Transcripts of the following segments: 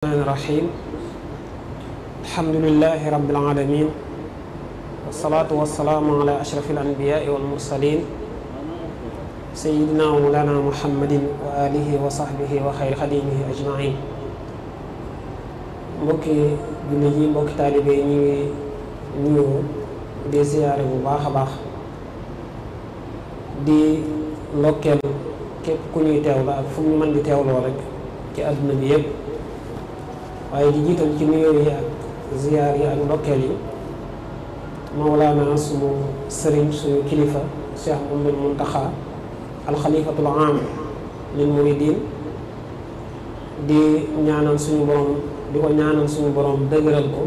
الرحمن الرحيم الحمد لله رب العالمين والصلاة والسلام على أشرف الأنبياء والمرسلين سيدنا ومولانا محمد وآله وصحبه وخير خديمه أجمعين mbokki jullit yi mbokki taalibe yi ñu ngi nuyu di siyaare bu baax a baax di lokkeel képp ku ñuy teewlu ak fu ñu mën di teewloo rek ci àdduna bi yépp waaye di jiital ci nuyoo yi ak ziyaar yi ak ndokkeel yi mawlaana suñu sëriñ suñu kilifa cheikh Mouhamadou Mountakha alxalifatul aam lil muridin di ñaanal suñu borom di ko ñaanal suñu borom dëgëral ko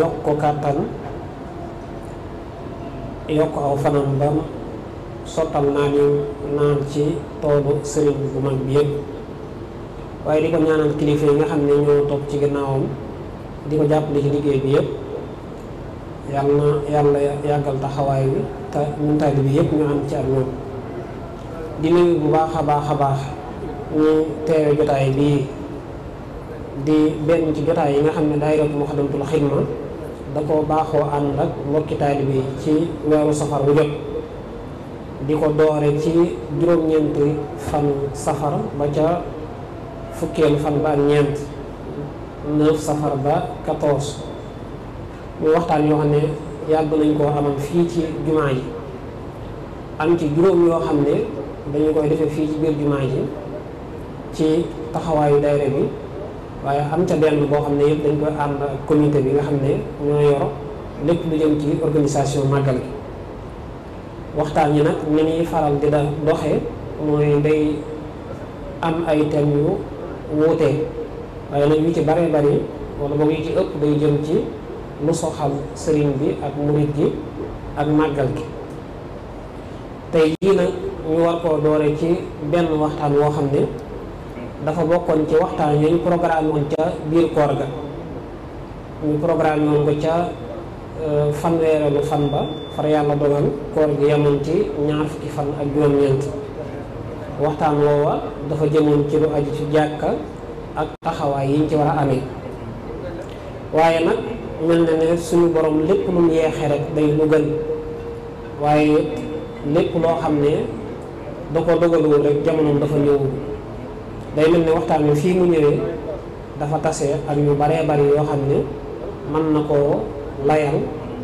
yokk ko kàttan yokk aw fanam bam sottal naa ni naan ci toolu sëriñ bu mag bi yëpp waaye di ko ñaanal kilifa yi nga xam ne ñoo topp ci ginnaawam di ko jàppale ci liggéey bi yëpp yàlla na yàlla yàggal taxawaay bi te ñun taalibe bi yëpp ñu ànd ci ak ñoom di nuyu bu baax a baax a baax ñu teewe jotaay bii di benn ci jotaay yi nga xam ne daayiratu Muxaddamatul Xidma da ko baaxoo ànd ak mbokki taalibe yi ci weeru safar bu jot di ko doore ci juróom-ñeenti fan safar ba ca fukkeelu fan ba ak ñeent neuf safar ba quatorze muy waxtaan yoo xam ne yàgg nañ koo amal fii ci jumaa yi am ci juróom yoo xam ne dañu koy defee fii ci biir jumaa ji ci taxawaayu daayira bi waaye am ca benn boo xam ne yëpp dañ koy ànd ak bi nga xam ne ñoo yor lépp lu jëm ci organisation màggal gi waxtaan yi nag ni ñuy faral di da doxee mooy day am ay thèmes yu wuute waaye nag yu ci bare bari wala boog yu ci ëpp day jëm ci lu soxal sëriñ bi ak murit gi ak màggal gi tey jii nag ñu war koo doore ci benn waxtaan woo xam ne dafa bokkoon ci waxtaan yañ programme woon ca biir koor ga ñu programme woon ko ca euh, fanweereelu fan ba far yàlla dogal koor gi yemoon ci ñaar fukki fan ak juróom-ñeent waxtaan woowa dafa jëmoon ci lu aju ci jàkka ak taxawaay yiñ ci war a amee waaye nag mel na ne suñu borom lépp lum mu rek day lu gën waaye lépp loo xam ne da ko dogaluwul rek jamonoom dafa ñëwul day mel ne waxtaan wi fii mu ñëwee dafa tase ak yu baree bari yoo xam ne mën na koo layal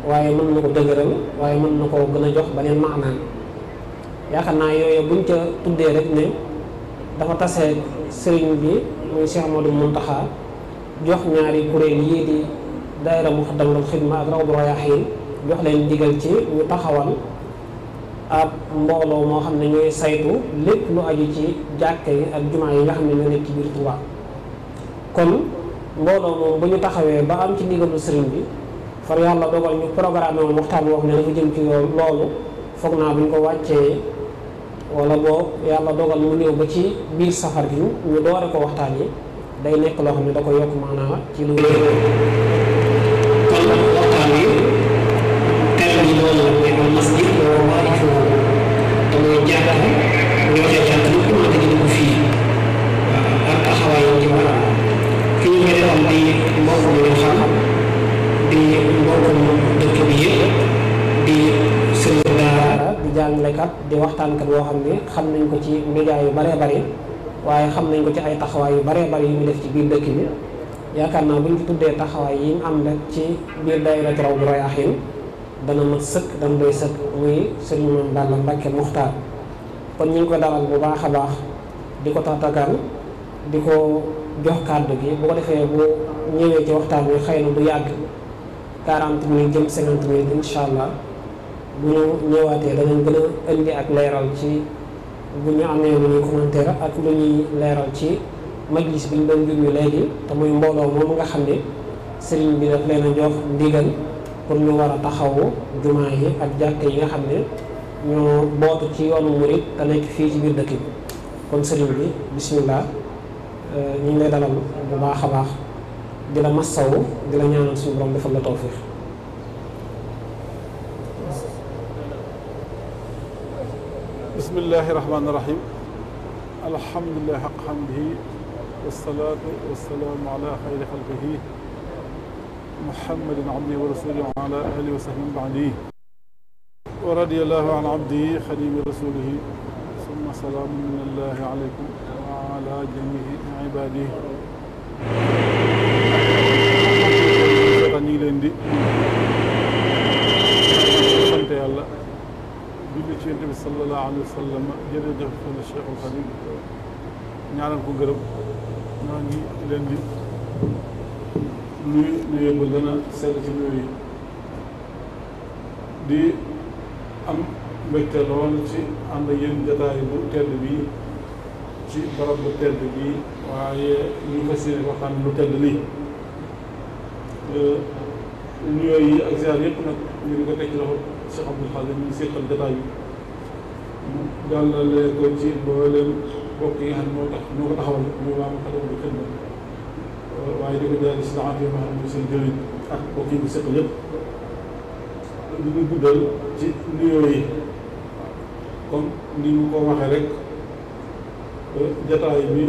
waaye mën na ko dëgëral waaye mën na ko gën a jox beneen maanaan yaakaar naa yooyu buñ ca tuddee rek ne dafa tase sëriñ bi muy Cheikh Amadou Mountakha jox ñaari kuréel yii di daayira Muxaddamatul Xidma ak Rawdu Rayaahiin jox leen ndigal ci ñu taxawal ab mbooloo moo xam ne ñooy saytu lépp lu aju ci yi ak jumaa yi nga xam ne ñoo kon mbooloo moom bu ñu taxawee ba am ci ndigalu sëriñ bi far yàlla dogal ñu programme moom waxtaan woo xam ne dafa jëm ci loolu foog naa bu ñu ko wàccee wala boo yàlla dogal mu néew ba ci biir safar gi ñu doore ko waxtaan yi day nekk loo xam ne da ko yokk maanaa ci lu kat di waxtaankat boo xam ne xam nañ ko ci médias yu bëree bëri waaye xam nañ ko ci ay taxawaay yu bëree bëri yu ñu ci biir dëkk yaakaar naa bu ñu tuddee taxawaay yi am rek ci biir daayira Rawdu Rayaahiin dana mat sëkk dana doy sëkk muy sëriñ Maam Balla Mbàkke Muxtaar kon ñu ngi ko dalal bu baax a baax di ko tatagal di ko jox kàddu gi bu ko defee bu ñëwee ci waxtaan wi xëy na du yàgg 40 minutes jëm 50 minutes incha allah. bu ñu ñëwaatee danañ gën a indi ak leeral ci bu ñu amee lu ñuy commentaire ak lu ñuy leeral ci majlis bi ñu doon junj léegi te muy mbooloo moom nga xam ne sëriñ bi daf leen a jox ndigal pour ñu war a taxawu jumaa yi ak jàkk yi nga xam ne ñoo bootu ci yoonu murit te nekk fii ci biir dëkk bi kon sëriñ bi bismillah euh, ñu ngi lay dalal bu baax a baax di la massawu di la ñaanal suñu borom defal la tawfiq bismillahi rahmaani rahim alhamdulilah xaq xamdihi wasalaatu wasalaamu ala xayri xalqihi muhammadin abdihi wa rasulihi wa ala alihi wa sahbihi baadihi wa radiyallahu an abdihi xadimi rasulihi summa salaamun minallahi aleykum wa ala jamihi ibadihi ñu ngi leen di sant yàlla julli ci yonent bi sallallahu alayhi wa sallam jërëjëf na Cheikhul Khadim ñaanal ko gërëm ñoo ngi leen di nuyu nuyu sell ci nuyu yi di am mbégte lool ci ànd ak yéen jataay bu tedd bi ci barab bu tedd bii waaye ñu fas yéene ko xam lu tedd lii euh, nuyoo yi ak ziar yëpp nag ñu ngi ko Cheikh Abdou Khadre ñu séqal débat yi mu jàllale ko ci mboolem mbokk yi nga xam moo tax ñoo ko taxawal ñu waa ma xadoon bi kenn waaye di ko si daxante yoo xam ne guddal ci nuyoo yi kon ni mu ko waxee rek jataay bi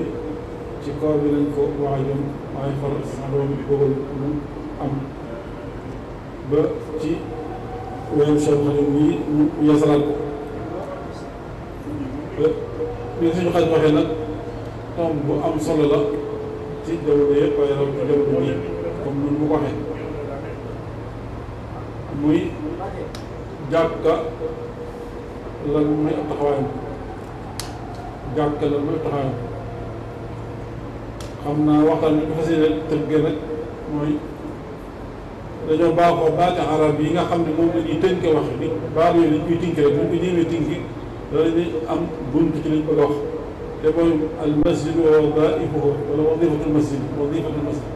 ci kaw bi lañ ko waajoon waaye faral sama doom bi bëggal mu am ba ci wéyum seen xarit bii ñu yeesalaat ko li eh, suñu xaj waxee nag tomb bu am solo la ci jamono yëpp waaye raw ci comme ni mu ko waxee muy jàkka lan mooy ab taxawaayam jàkka lan mooy ab taxawaayam xam naa waxtaan bi ñu fas yéene tënkee mooy. dañoo baaxoo baati arab yi nga xam ne moom la ñuy tënk wax ni baat yooyu lañ koy tënk rek bu ñu ko ñëwee tënk danañu am bunt ci liñ bëgg a wax te mooy al masjid wa wadaifuhu wala wadifatul masjid wadifatul masjid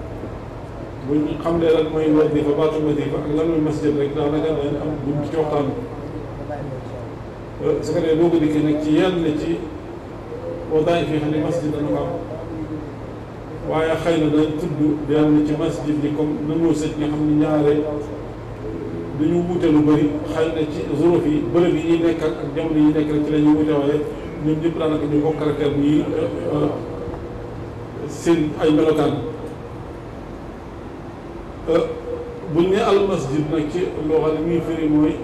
bu ñu xam ne lan mooy wadifa baatul wadifa ak lan mooy masjid rek daanaka danañ am bunt ci waxtaan bi euh, su ko defee boo ko dikkee nag ci yenn ci wadaif yi xam ne masjid dana ko am waaye xëy na day tudd benn ci masjid bi comme dañoo sëj nga xam ne ñaare dañu wuute lu bëri xëy na ci zorof yi bërëb yi ñuy nekk ak jamono yi nekk rek ci la ñuy wuute waaye ñoom ñëpp daanaka ñu bokk caractère bi euh, euh, seen ay melokaan euh, buñ ne al masjid nag ci loo xam muy firi mooy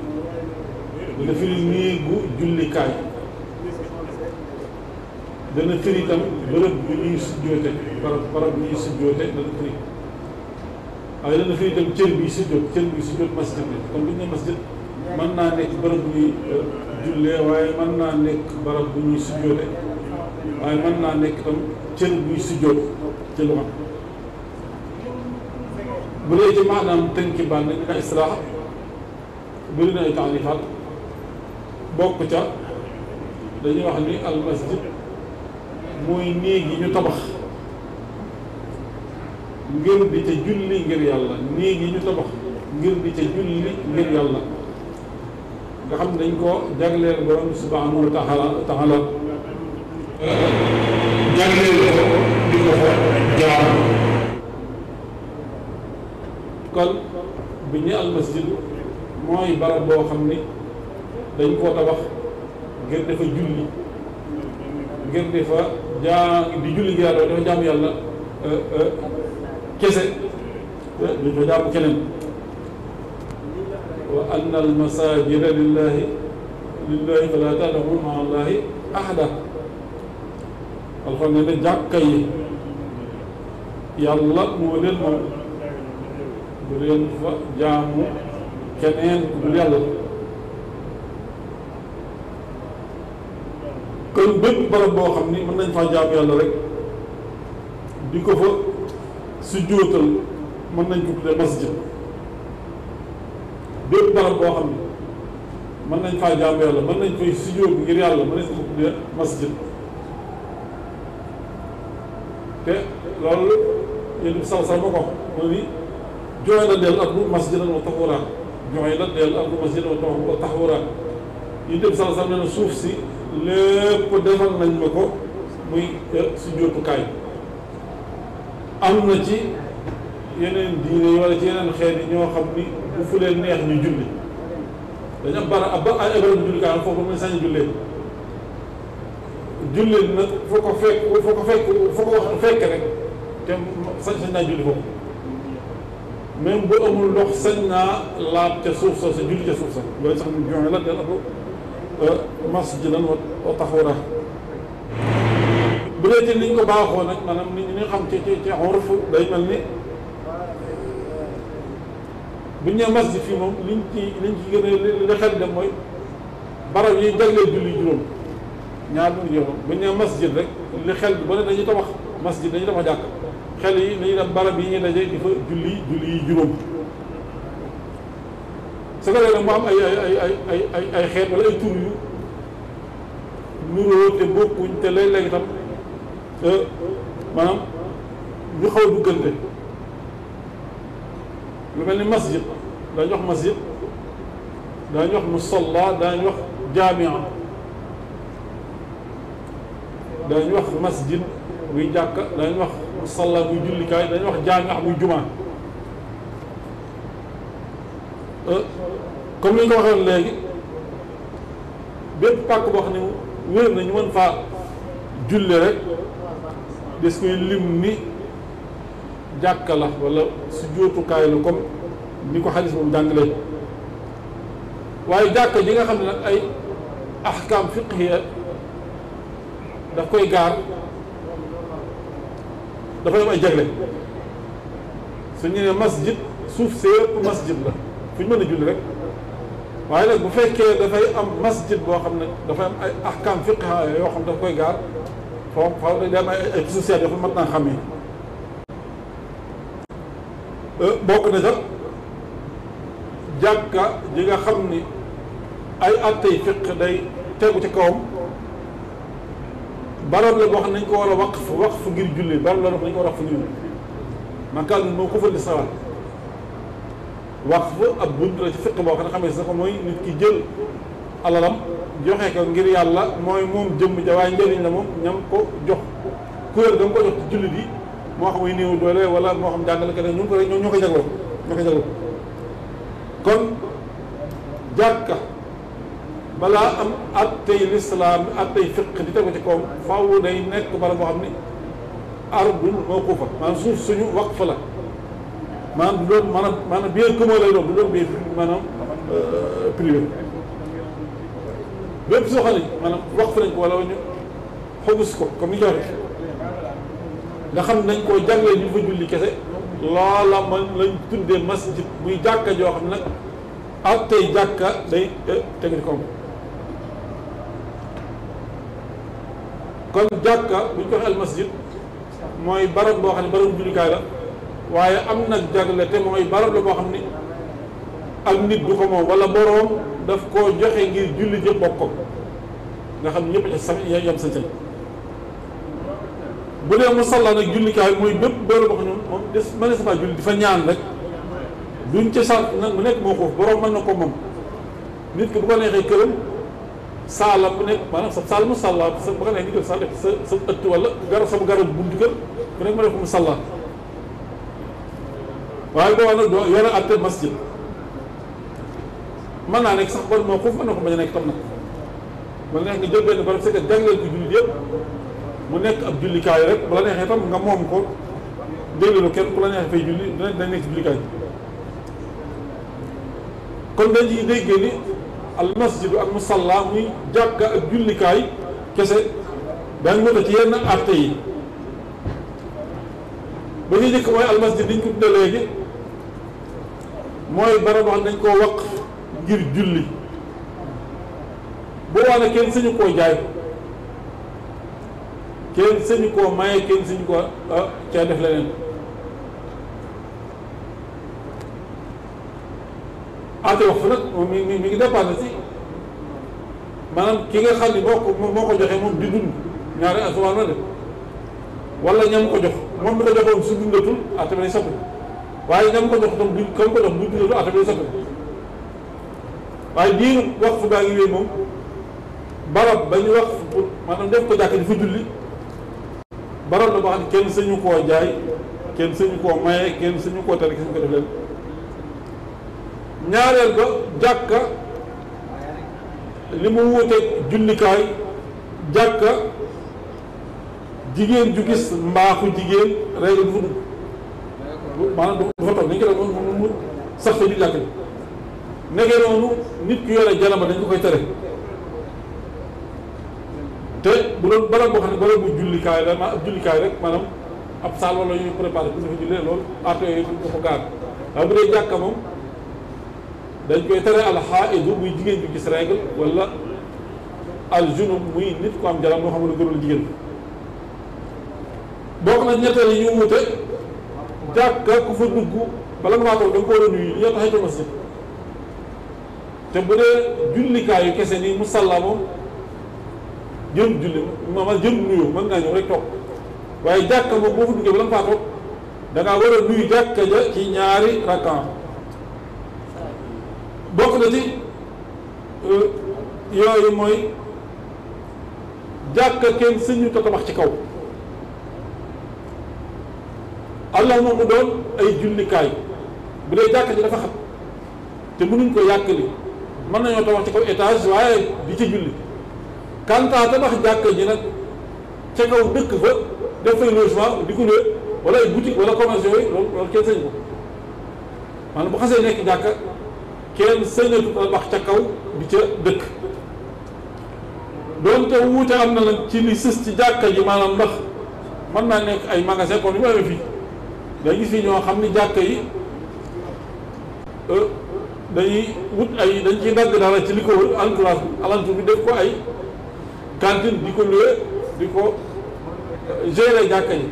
dafa firi néegu jullikaay dana firi itam bërëb bi ñuy sujjoote barab barab ñuy sujjoote dana firi waaye dana firi itam cër bi sujjoot cër bi la kon bu ñu nee masjid mën naa nekk barab bu ñuy euh, jullee waaye mën naa nekk barab bu ñuy sujjoote waaye mën naa nekk itam cër buy sujjoot ci lu bu dee ci maanaam tënki baal istilaax bëri na ay taalifaat bokk ca dañuy wax ni al masjid muy néeg yi ñu tabax ngir di ca julli ngir yàlla néeg yi ñu tabax ngir di ca julli ngir yàlla nga xam dañ koo jagleel borom subhanahu wa taala taala jagleel ko di ko fa jaar kon bi ñu almasjid mooy barab boo xam ni dañ koo tabax ngir dafa julli ngir dafa jaa di julli gi euh, euh, kese euh, duñ keneen wa anna al masajida lillahi ma'a allahi ahada alxam ne ne jàkka yi moo leen moom bu keneen bu yàlla kon bépp boo xam ni mën nañ faa jaam yàlla rek di ko fa si mën nañ ko tuddee masjid bépp barab boo xam ni mën nañ faa jaam yàlla mën nañ koy si jóot ngir yàlla mën nañ ko tuddee masjid te loolu yéen saw sax ko moo ni joxe na deel ak bu masjidan wa taxawuraan joxe na deel ak bu masjidan wa taxawuraan yi dem saw sax na suuf si lépp defal nañ ma ko muy eh, sujjóotukaay am na ci yeneen diine wala ci yeneen xeet yi ñoo xam ni bu fu leen neex ñu julli dañu am bara ab ay bërëb jullikaay foofu muy sañ jullee jullit nag foo ko fekk foo ko fekk foo ko fekk rek te sañ sañ naa julli foofu même bu amul ndox sañ naa laab ca suuf sa sa julli ca suuf sa loolu sax mu joxe la del masjidan wa tahura bu dee ci liñ ko baaxoo nag maanaam ni ñu xam ci ci ci urf day mel ni bu ñu nee masjid fii moom liñ ci liñ ci gën a li xel dem mooy barab yi jagleel julli juróom ñaar bu ñu nee masjid rek li xel bi ba ne dañuy tabax masjid dañuy tabax jàkk xel yi dañuy dem barab yi ñuy daje di fa julli julli yi juróom. su ko defee nag mu am ay ay ay ay ay ay xeet wala ay tur yu nuroo te bokkuñ te léeg-léeg itam maanaam ñu xaw a lu mel ni masjid daañu wax masjid daañu wax musalla daañu wax jaamia dañ wax masjid muy jàkka daañu wax musalla muy jullikaay daañu wax jaamia muy jumaa comme ni ñu ko waxee léegi bépp pàkk boo xam ne wér na ñu mën faa julli rek des koy lim ni jàkka la wala su jootukaay la comme ni ko xadis moom jàngale waaye jàkka ji nga xam ne nag ay ahkam fiqhiya daf koy gaar dafa am ay jagle su ñu ne masjid suuf sépp masjid la fu ñu mën a julli rek waaye nag bu fekkee dafay am masjid boo xam ne dafay am ay ahkam fiqha yoo xam daf koy gaar foofu foofu day am ay ay sociétés yoo xam mat euh, bokk na sax jàkka ji nga xam ni ay attey fiq day tegu ci kawam barab la boo xam ne nañ ko war a waqf waqf ngir julli barab la boo xam ne nañ ko war a waqf ngir julli man kaana moo ko fa li waqf ab bunt la ci fiq boo xam ne xamee sax ko mooy nit ki jël alalam joxe ko ngir yàlla mooy moom jëm ja waaye njëriñ la moom ñam ko jox kuréel da nga ko jox ci jullit yi moo xam ay néew doole wala moo xam jàngalekat ñu ngi ko rek ñoo ñoo ko jagloo ñoo ko jagloo kon jàkka balaa am at tey lislaam at tey fiq di tegu ci kawam faaw day nekk bala boo xam ne ardul mawqufa maanaam suuf suñu waqf la maanaam du doon maanaam maanaam bien commun lay doon du doon bien maanaam euh, privé bépp soo xam ne maanaam wax nañ ko wala ñu xogus ko comme ni joxe nga xam nañ koo jàngee ñu julli kese loola man lañ tuddee masjid muy jàkka joo xam ne nag ak tey jàkka day tegri kom kon jàkka bu ko waxee masjid mooy barab boo xam ne barab jullukaay la waaye am nag jagle te mooy barab la boo xam ni ak nit du ko moom wala boroom daf koo joxe ngir julli jëpp ko nga xam ñëpp sa yam sa cël bu dee musalla nag jullikaay mooy bépp bërëb boo xam ne moom des di fa ñaan rek duñ ca sart nag mu nekk moo ko boroom mën na ko moom nit ki bu ko neexee këram saala bu nekk maanaam sa saal musalla sa bu ko neexee nga jël sa sa ëtt wala garab sama garab buntu kër bu nekk ma def ko musalla waaye boo nag doo yore atte masjid mën naa nekk sax bon moo xuuf mën na ko bañ a nekk tam nag wala neex nga jël benn barab fekk jagleel ko jullit yëpp mu nekk ab jullikaay rek bu la neexee tam nga moom ko déglu kenn ku la neexee fay julli dina dina nekk jullikaay kon dañuy déggee ni al ak musalla muy jàkka ak jullikaay kese daañu wute ci yenn atte yi ba ñuy njëkk mooy al li ñu ko tuddee léegi mooy barab wax dañ koo waq ngir julli boobaa nag kenn sañu koo jaay kenn sañu koo maye kenn sañu koo ah, caa def leneen ate wax fa nag mi mi mi ngi dépendé si maanaam ki nga xam ni moo ko moo ko joxee moom di dund ñaari asuwaan la def wala ñam ko jox moom mi ko joxoon su dundatul ate ba ne soppi waaye na ko jox tam du ka mu ko jox bu dundee du affaire bi soppi waaye diiru waqf baa ngi wéy moom barab ba ñu waqf pour maanaam def ko jàkk di fa julli barab la boo xam ne kenn sañu koo jaay kenn sañu koo maye kenn sañu koo tere kenn sañu ko def leen ñaareel ba jàkka li mu wuuteeg jullikaay jàkka jigéen ju gis mbaaxu jigéen rey du fa dugg maanaam du fa toog dañ koy doon mu mu noonu nit ku yore janaba dañ ko koy tere te bu doon barab boo xam ne barab bu jullikaay la maanaam jullikaay rek maanaam ab saal wala ñuy préparé pour dafa jullee loolu arte ko gaar waaye bu dee jàkka moom dañ koy tere al xaaidu muy jigéen bi gis règle wala al muy nit ku am jalam loo xam ne gënul jigéen bokk na ñetteel yi ñu wute gaa ku fa dugg bala nga faa toog da ko war a nuyu li nga tax a ca masjid te bu dee jullikaayu kese nii musalla moom jëm julli maanaam jëm nuyu mën ngaa ñëw rek toog waaye jàkka moom boo fa duggee bala nga faa toog da war a nuyu jàkka ja ci ñaari rakkaan bokk na ci euh, yooyu mooy jàkka kenn sëñu ta tabax ci kaw. allah moom mu doon ay jullikaay bu dee jàkka ji dafa xam te mënuñ ko yàqali mën nañoo tabax ci kaw étage waaye di ci julli kanta tabax jàkka ji nag ca kaw dëkk fa def fay logement di ko luwe wala ay boutique wala commerce yooyu loolu loolu kenn sañ ko maanaam bu xasee nekk jàkka ca kaw di ca dëkk doonte wuute am na la ci li sës ci jàkka ji maanaam ndax mën naa nekk ay magasin comme ni ma amee fii day gis yi ñoo xam ni jàkka yi euh, dañuy wut ay dañ ciy dagg dara ci li ko wër enclave alantu bi def ko ay cantine di ko luwe di ko euh, gérer jàkka yi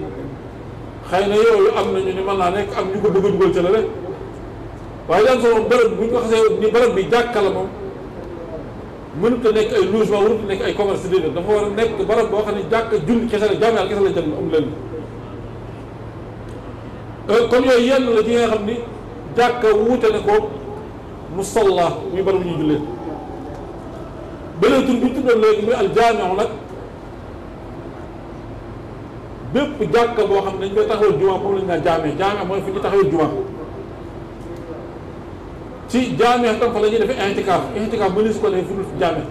xëy na yooyu am nañu ni mën naa nekk am ñu ko bëgg a dugal ca la rek waaye daan solo bërëb bu ñu ko xasee ni bërëb bi jàkk la moom mënut a nekk ay logement mënut a nekk ay commerce déedéet dafa war nekk bërëb boo xam ne jàkka julli kese la jaamu yàlla kese la jëm am lenn Euh, kon yooyu yenn la ci nga xam ni jàkka wuute na ko musalla muy barabu ñuy jullee beneen tur bi ñu tuddoon léegi muy aljaamiu nag bépp jàkka boo xam ne dañ koy taxawal jumaa pour lañ naan jaamee jaamee mooy fu ñu taxawal jumaa ci jaamee tam fa la ñuy defee intikaaf intikaaf mënees su ko defee fu dul jaamee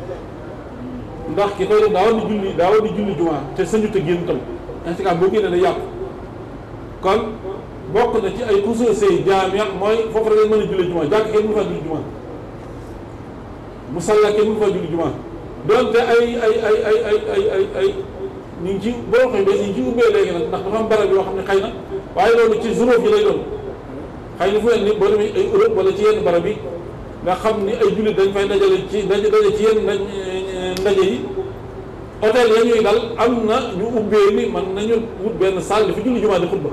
ndax ki koy def daa war di julli daa war di julli jumaa te sañu te génn tam intikaaf boo génnee day yàqu kon bokk na ci ay usoosey jaamiya mooy foofu rek lañ mën a julli jumaa jàkk kenn mënu faa julli jumaa musalla kenn mënu faa julli jumaa donte ay ay ay ay ay ay ay ñu ngi ci boo xam ne ñu ngi ci ubbee léegi nag ndax dafa am na waaye loolu ci juróom yi lay doon xëy na fu ne nii boo demee ay Europe wala ci yenn barab yi nga xam ni ay jullit dañ fay dajale ci daje daje ci yenn ndaje yi hôtel ya ñuy dal am na ñu ubbee ni man nañu wut benn salle fi julli jumaa di xutba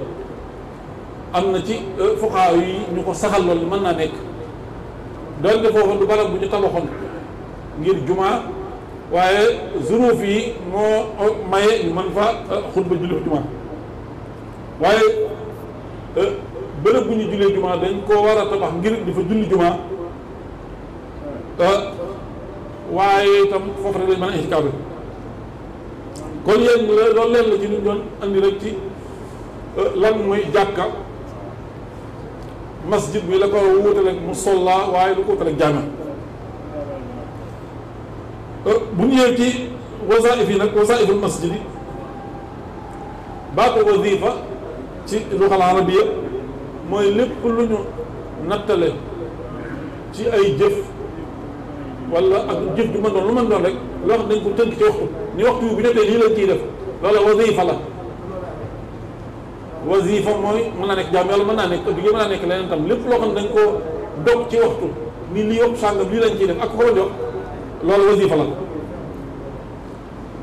am na ci euh, fuqaaw yi ñu ko saxal loolu mën naa nekk doon de foofu du barab bu ñu tabaxoon ngir jumaa waaye zuruuf yi moo euh, maye ñu mën fa euh, xutba julli koo war a tabax ngir di fa julli jumaa waaye itam foofu rek lañ mën a ihkaam kon yéen loolu leen la ci ñu doon andi rek ci lan mooy jàkka masjid bi la ko wuutale waaye lu ko wuutale ak euh, ci wasaif yi nag wasaiful masjid yi baatu wasifa ci luxal arabiya mooy lépp lu ñu nattale ci ay jëf wala ak jëf ju mën lu mën doon rek loo xam dañ ko tënk ci waxtu ni waxtu bi lii lañ ciy def loola wasifa wasifa mooy mën naa nekk jaam yàlla mën naa nekk ëpp mën naa nekk leneen tam lépp loo xam ne dañ koo dog ci waxtu ni lii yëpp sàngam lii lañ ciy def ak ko jox loolu wasifa la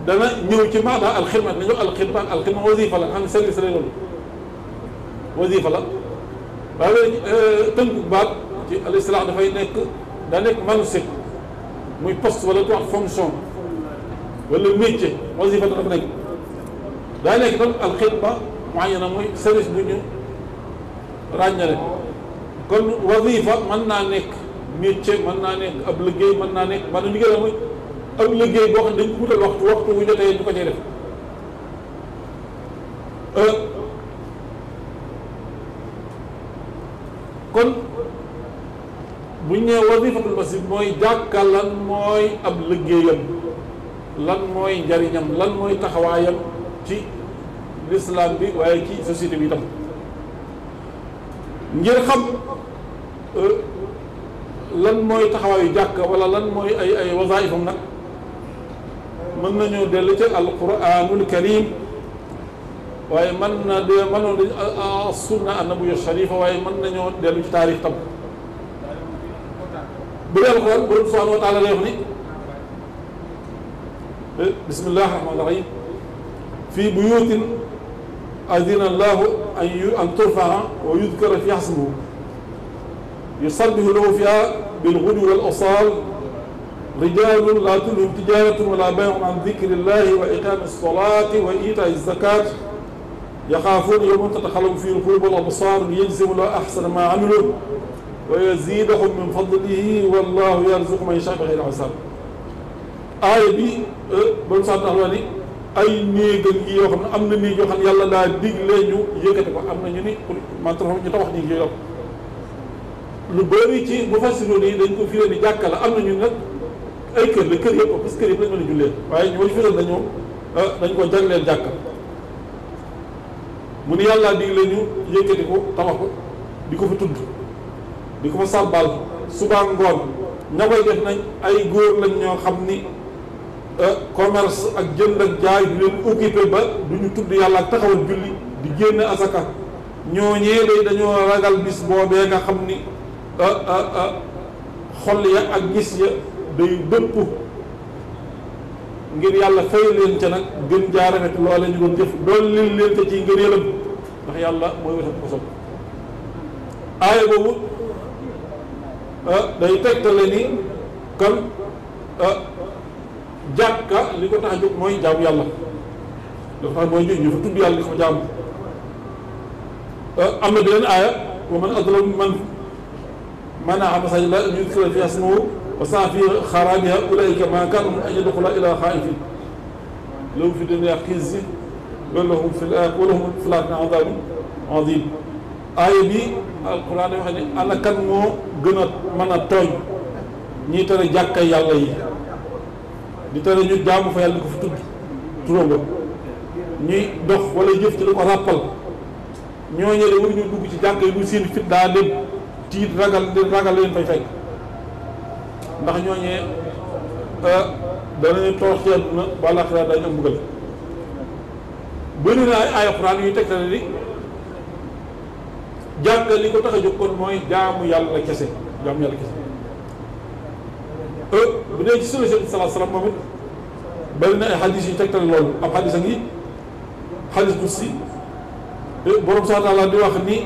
dana ñëw ci maanaam alxidma dina jox alxidma alxidma wasifa la xam ne service euh, baat ci al islam dafay nekk daa nekk mansib muy poste wala ko wax fonction wala métier wasifa dafa nekk daa nekk tam alxidma moyen na muy service bu ñu ràññale kon wazifa mën naa nekk métier mën naa nekk ab liggéey mën naa nekk maanaam liggéey la muy ab liggéey boo xam ne dañ ko wutal waxtu waxtu wu jotee ñu ko cay def euh, kon bu ñu nee wazifatul masjid mooy jàkka lan mooy ab liggéeyam lan mooy njariñam lan mooy taxawaayam ci l'islam bi waaye ci société bi itam ngir xam euh, lan mooy taxawaayu jàkka wala lan mooy ay ay wasaifam nag mën nañoo dellu ca alquranul karim waaye mën na de mënoon dañ sunna annabiyu sharifa waaye mën nañoo dellu ci taarix tam bu dee alquran borom subhanahu wa taala lay wax ni bismillah rahmaan rahim fii buyutin أذن الله أن ترفع ويذكر فيها اسمه يصبح له فيها بالغدو والأصال رجال لا تلهم تجارة ولا بيع عن ذكر الله وإقام الصلاة وإيتاء الزكاة يخافون يوما تتقلب فيه القلوب والأبصار ليجزم له أحسن ما عملوا ويزيدهم من فضله والله يرزق من يشاء بغير حساب aaya bi ba mu sant alwani ay néeg ak yoo xam ne am na néeg yoo xam ne yàlla daa digle ñu yëkkati ko am na ñu ni man taxaw ñu tabax néeg lu bëri ci bu fassiroon yi dañ ko firee ni jàkka la am na ñu nag ay kër la kër yëpp parce que kër yëpp lañ mën jullee waaye ñooñu firee nañ ah, dañ ko jagleel jàkka mu ni yàlla digle ñu yëkkati ko tabax ko di ko fa tudd di ko fa sàbbal subaa ngoon ña def nañ ay góor lañ ñoo xam ni Euh, commerce ak jënd ak jaay di leen occupé ba du ñu tudd yàlla ak taxawal julli di génn asaka ñooñee day dañoo ragal bis boobee nga xam ni euh, euh, xol ya ak gis ya day dëpp ngir yàlla fay leen ca nag gën jaa rafet loole ñu leen ca ci ngër yëlam ndax yàlla mooy wetam ko aaya boobu day tegtale ni kon jàkka li ko tax a jóg mooy jaamu yàlla dafa tax mooy ñu ñu fa yàlla di ko jaamu euh, am na beneen aaya wa man adlamu man manaa masaajida llaahi an yuzkara fiihaa ismuhu wa sa'aa fii xaraamihaa ulaa'ika maa kaanuu an yadxuluuhaa illaa xaa'ifiin fi dunyaa khizyun wa lahum fil aaxirati azaabun aziim aaya bi alquran dafa wax ne ana kan moo gën mën a tooñ ñiy tere jàkka yàlla yi di tere ñu jaamu fa yàlla di ko fa tudd turam ñuy dox wala jëf ci lu ko ràppal ñooñu de waruñu dugg ci jàkk yi du seen fit daa leen tiit ragal di ragal leen fay fekk ndax ñooñee ah, danañu toox ci àdduna ba àllaaxira dañu am mbugal bëri na ay alxuraan yuy tegtale di jàkk li ko tax a jóg kon mooy jaamu yàlla kese jaamu yàlla kese Euh, bu dee ci sunu sallallahu alayhi wasallam moom it bari ay xadis yu tegtal loolu am xadis a xadis kursi euh, borom subhaanahu wa taala di wax ni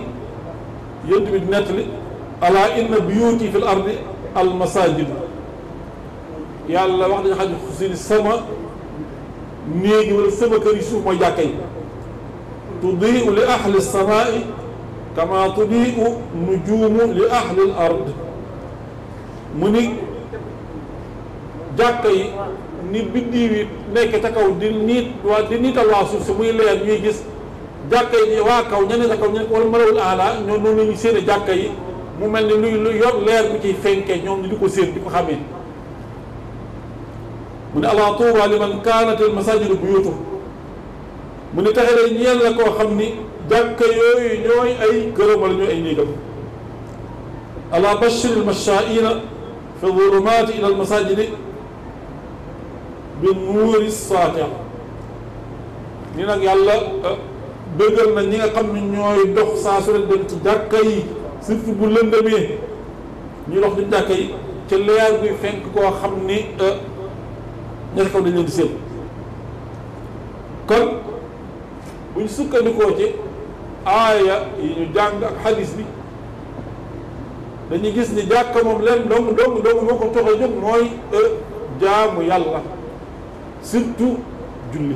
yéen tamit nettali ala inna buyuti fi l ardi al masajid yàlla xadis kursi ni sama néegi wala sama kër yi suuf mooy jàkka yi ahli samaai kama tudiu nujumu li ahli l jàkka yi ni biddiw yi nekk ca kaw di niit waa di niital waa suuf si muy leer ñuy gis jàkka yi waa kaw ña ne sa kaw ña wala malawul aala ñoo noonu ñu séen jàkka yi mu mel ni luy lu yor leer bu ciy fenkee ñoom ñu di ko séen di ko xamee mu ne alaa tuuba man kaanatil masajidu buyutu mu ne taxe la ñeel la koo xam ni jàkka yooyu ñooy ay këram wala ay néegam alaa bashiril mashaa'ina fi dhulumaati ila al masajidi bi nuuri saatiq ni nag yàlla bëggal euh, na ñi nga xam ne ñooy dox saa su leen dem ci jàkka yi surtout bu lëndëmee ñu dox ci jàkka yi ca leer bi fenk koo xam ni euh, ña kaw dañ leen di seen kon buñ sukkandikoo ci aaya yi ñu jàng ak xadis bi dañuy gis ni jàkka moom leen dong dong dong moo ko tox a mooy euh, jaamu yàlla surtout julli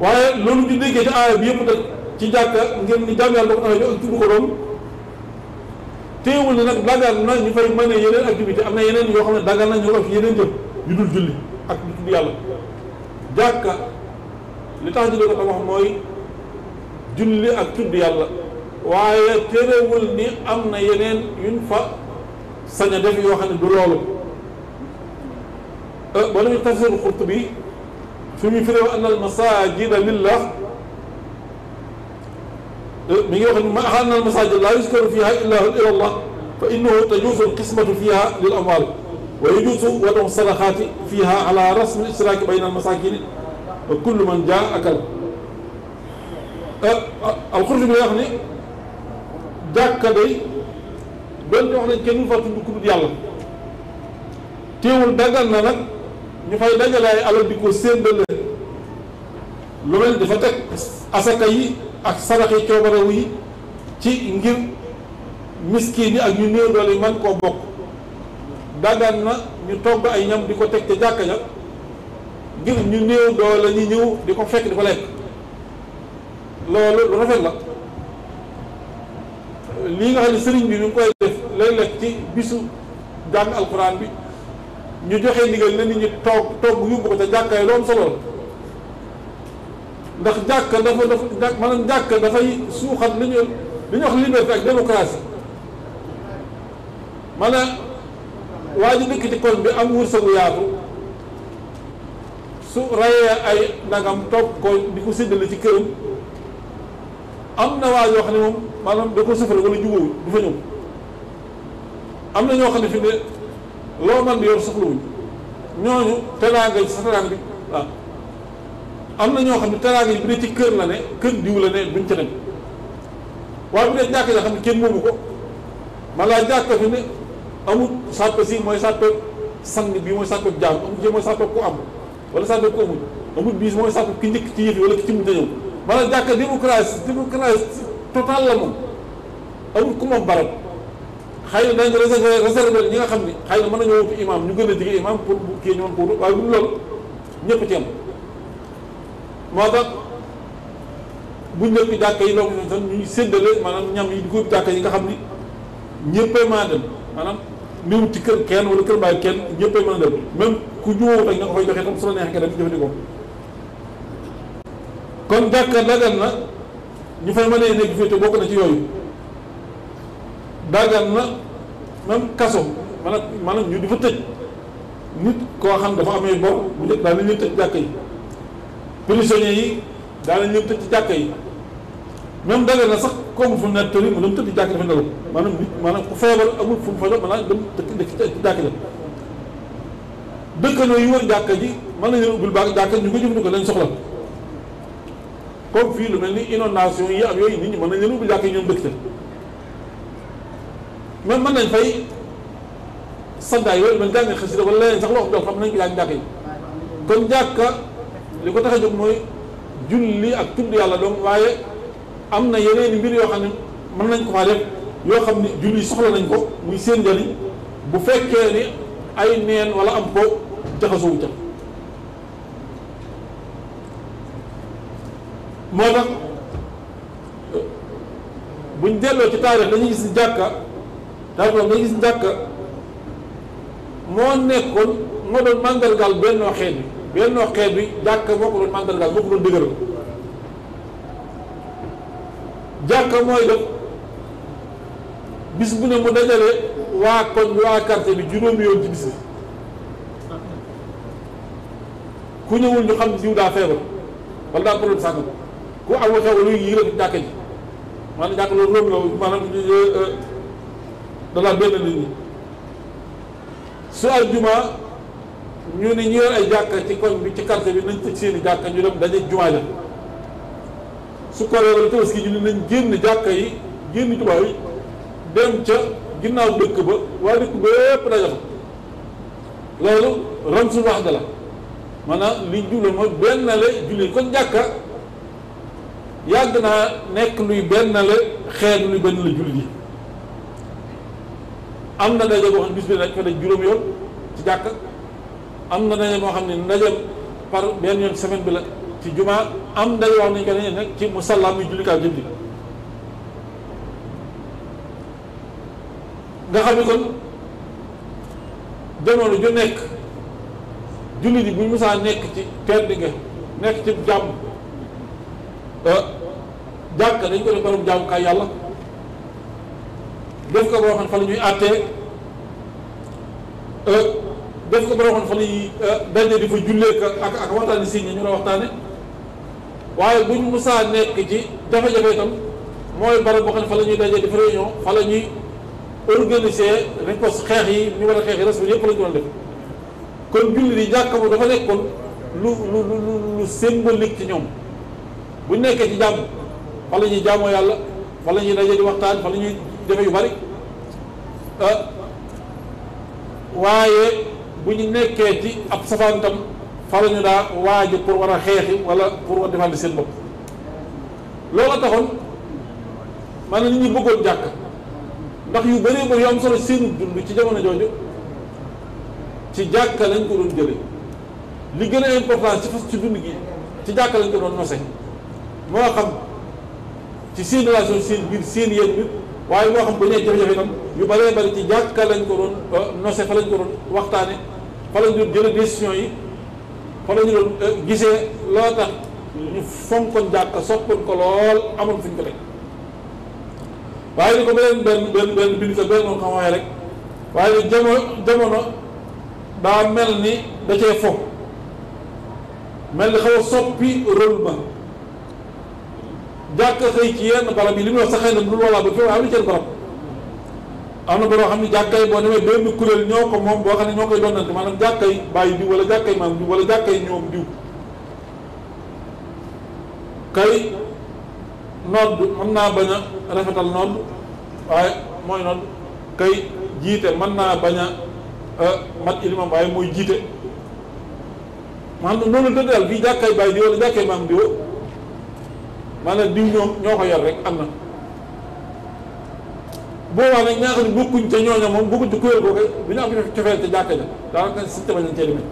waaye loolu di déggee ci aaya bi yëpp nag ci jàkka ngeen ni jàmm yàlla boo ko taxee ñu tudd ko doom téewul ne nag dagal na ñu fay mën yeneen activité am na yeneen yoo xam ne dagal na ñu ko fi yeneen jëf yu dul julli ak lu tudd yàlla jàkka li tax ñu ko tabax mooy julli ak tudd yàlla waaye téerewul ni am na yeneen yuñ fa sañ a def yoo xam ne du loolu boo demee tafsir Qurtubi fi muy firee anna al masajida lillah euh, mi ngi wax ne ma anna al masajida la yuskaru fiha illa Allah fa innahu tajuzu al qismatu fiha lil amwal wa yajuzu wad'u sadaqati fiha ala rasmi al-ishtiraki bayna al masakin wa kullu man jaa akal euh, al-Qurtubi wax ne jàkka day doon wax nañ kenn fa tudd ku dul yàlla teewul dagal na nag ñu fay dajale ay alal di ko séddale lu mel dafa teg asaka yi ak sarax yi coobaraw yi ci ngir miskin yi ak ñu néew doole yi man koo bokk daggan na ñu togg ay ñam di ko teg ca jàkka ja ngir ñu néew doole ñi ñëw di ko fekk di ko lekk loolu lu rafet la lii nga xam sëriñ bi mi ngi koy def lay lekk ci bisu jàng alquran bi ñu joxe ndigal na nit ñi toog toog yóbbu ko te jàkkaay loom solo ndax jàkka dafa dafa maanaam jàkka dafay suuxat li ñu li ñu wax liberté ak démocratie maanaam waa ji dëkk bi am wërsëgu yaatu su rayee ay ndagam di ko séddale ci këram am na waa yoo xam ne moom maanaam da ko sëfale wala jubóowul du fa ñëw am na ñoo xam ne fi ne loo man di yor ñooñu teraanga ci sa teraanga bi waaw am na ñoo xam ne teraanga yi bu dee ci kër la ne kër diw la ne duñ ca dem waaye bu dee jàkk ja xam ne kenn moomu ko man laa jàkk fi ne amul sàppe si mooy sàppe sang bi mooy sàppe jaam amul jë mooy sàppe ku am wala sàppe ku amul amul biis mooy sàppe ki njëkk ci yëf yi wala ki ci mujj a ñëw man laa jàkk démocratie démocratie totale la moom amul ku moom barab xëy na dañ réserver réserver ñi nga xam ni xëy na mën nañoo wutu imam ñu gën a jege imam pour bu kii ñu mën waaye bu ñu loolu ñëpp ci am moo tax bu ñu def jàkka yi yi di ko yi nga xam ni ñëppay mën a dem maanaam néew ci kër kenn wala kër mbaay kenn ñëppay mën a dem même ku juwoo rek na ko fay joxee tam su la neexee kenn jëfandikoo kon jàkka dagan na ñu fay mën a nekk fii te bokk na ci yooyu. daggan na même kaso maanaam maanaam ñu di fa tëj nit koo xam dafa amee bor bu njëkk daal nañu tëj jàkka yi prisonniers yi daal nañu tëj ci jàkka yi même daggan na sax comme fu nekk tëri mu dem tëj jàkka dafa nelaw maanaam nit maanaam ku feebar amul fu mu fajoo maanaam dem dëkk ci jàkka la dëkkandoo yi wër jàkka ji mën nañu ubbil baax jàkka ñu ko jëfandikoo lañ soxla comme fii lu mel ni inondation yi am yooyu nit ñi mën nañu ubbil jàkka yi ñoom dëkk ca man mën nañ fay sandaay yooyu man jàng xasida wala leneen sax loo xam ne nañ ko jàng jàkka yi kon jàkka li ko tax a jóg mooy julli ak tudd yàlla donc waaye am na yeneen mbir yoo xam ne mën nañ ko faa def yoo xam ne julli soxla nañ ko muy seen njëriñ bu fekkee ni ay neen wala am ko jaxasoowu ca moo tax buñ delloo ci taarix dañuy gis ni jàkka daal nga gis jàkka moo nekkoon moo doon màndargaal bennoo xeet bi bennoo xeet bi jàkka moo ko doon màndargaal moo ko doon dëgëral jàkka mooy def bis bu ne mu dajale waa koñ waa quartier bi juróomi yoon ci bis ku ñëwul ñu xam diw daa feebar wala daa problème sàngam ku amul xew luy yëngatu jàkka ji maanaam jàkka loolu loolu la maanaam. Euh, euh, danaa benn nit ñi su aljuma ñu ne ñu yor ay jàkka ci koñ bi ci quartier bi nañ tëj seen i jàkka ñu dem daje jumaa ja su koree wala tabaski ñu nañ génn jàkka yi génn tubaab yi dem ca ginnaaw dëkk ba waa dëkk ba yëpp loolu ram wax da la maanaam li jubla mooy benn la julli kon jàkka yàgg naa nekk luy benn la xeet luy benn la julli am na ndaje boo xam ne bis bi dañ juróom yoon ci jàkk am na ndaje moo xam ne ndaje par benn yoon semaine bi la ci jumaa am ndaje wax nañ ko dañuy nag ci musalla muy jullikaay julli nga xam ni kon jamono ju nekk jullit yi bu ñu musaa nekk ci tedd nga nekk ci jàmm ah, jàkk dañ ko def borom jàmmukaay yàlla def ko boo xam fa la ñuy àttee euh, def ko boo xam fa la ñuy daje euh, di fa jullee ak ak waxtaani si ñu la waxtaane waaye ñu musaa nekk ci jafe-jafe itam mooy barab boo xam ne fa la ñuy daje def réunion fa la ñuy organiser riposte xeex yi ñu war a xeex yi rasul yëpp la ñu doon kon jullit yi jàkka bu dafa nekkoon lu lu lu symbolique ci ñoom bu nekkee ci jàmm fa la ñuy jaamoo yàlla fa la ñuy di waxtaan fa la ñuy defe yu bari ah, waaye bu ñu nekkee ci ab safaan tam faruñu daa waaj pour war a xeexi wala pour war a défendre seen bopp loolu a taxoon maanaam nit ñi bëggoon jàkk ndax yu bëree bëri yu am solo seenu dund ci jamono jooju ci jàkk lañ ko doon jële li gën a important ci fas ci dund gi ci jàkk lañ ko doon nose moo xam ci seen relation seen biir seen yéen biir waaye loo xam bu ñu nee jafe-jafe itam yu bëree bëri lañ ko doon euh, nose lañ ko doon waxtaane fa lañ yi fa lañu doon euh, gisee loo tax ko lool amoon fuñ ko rek waaye jamono jamono daa mel ni da cee fo mel ni xaw a soppi rôle ba jàkk xëy ci yenn barab yi li mu wax sax na lu loolaa ba fi am na seen barab am na baroo xam ne jàkka yi boo demee benn kuréel ñoo ko moom boo xam ne ñoo koy donnante maanaam jàkka yi bàyyi diw wala jàkka yi maam diw wala jàkka yi ñoom diw kay nodd naa bañ a rafetal nodd waaye mooy nodd kay jiite mën naa bañ a euh, mat ilimam waaye mooy jiite maanaam noonu la tëddal fii jàkka yi bàyyi diw wala jàkka maam diw maanaam diw ñoom ñoo ko yor rek am na boobaa nag ñaa xam ne bokkuñ te ñooña moom bokkuñ te kuréel googu bu ñu am cofeel te jàkka ja daanaka si tamit lañ cee demee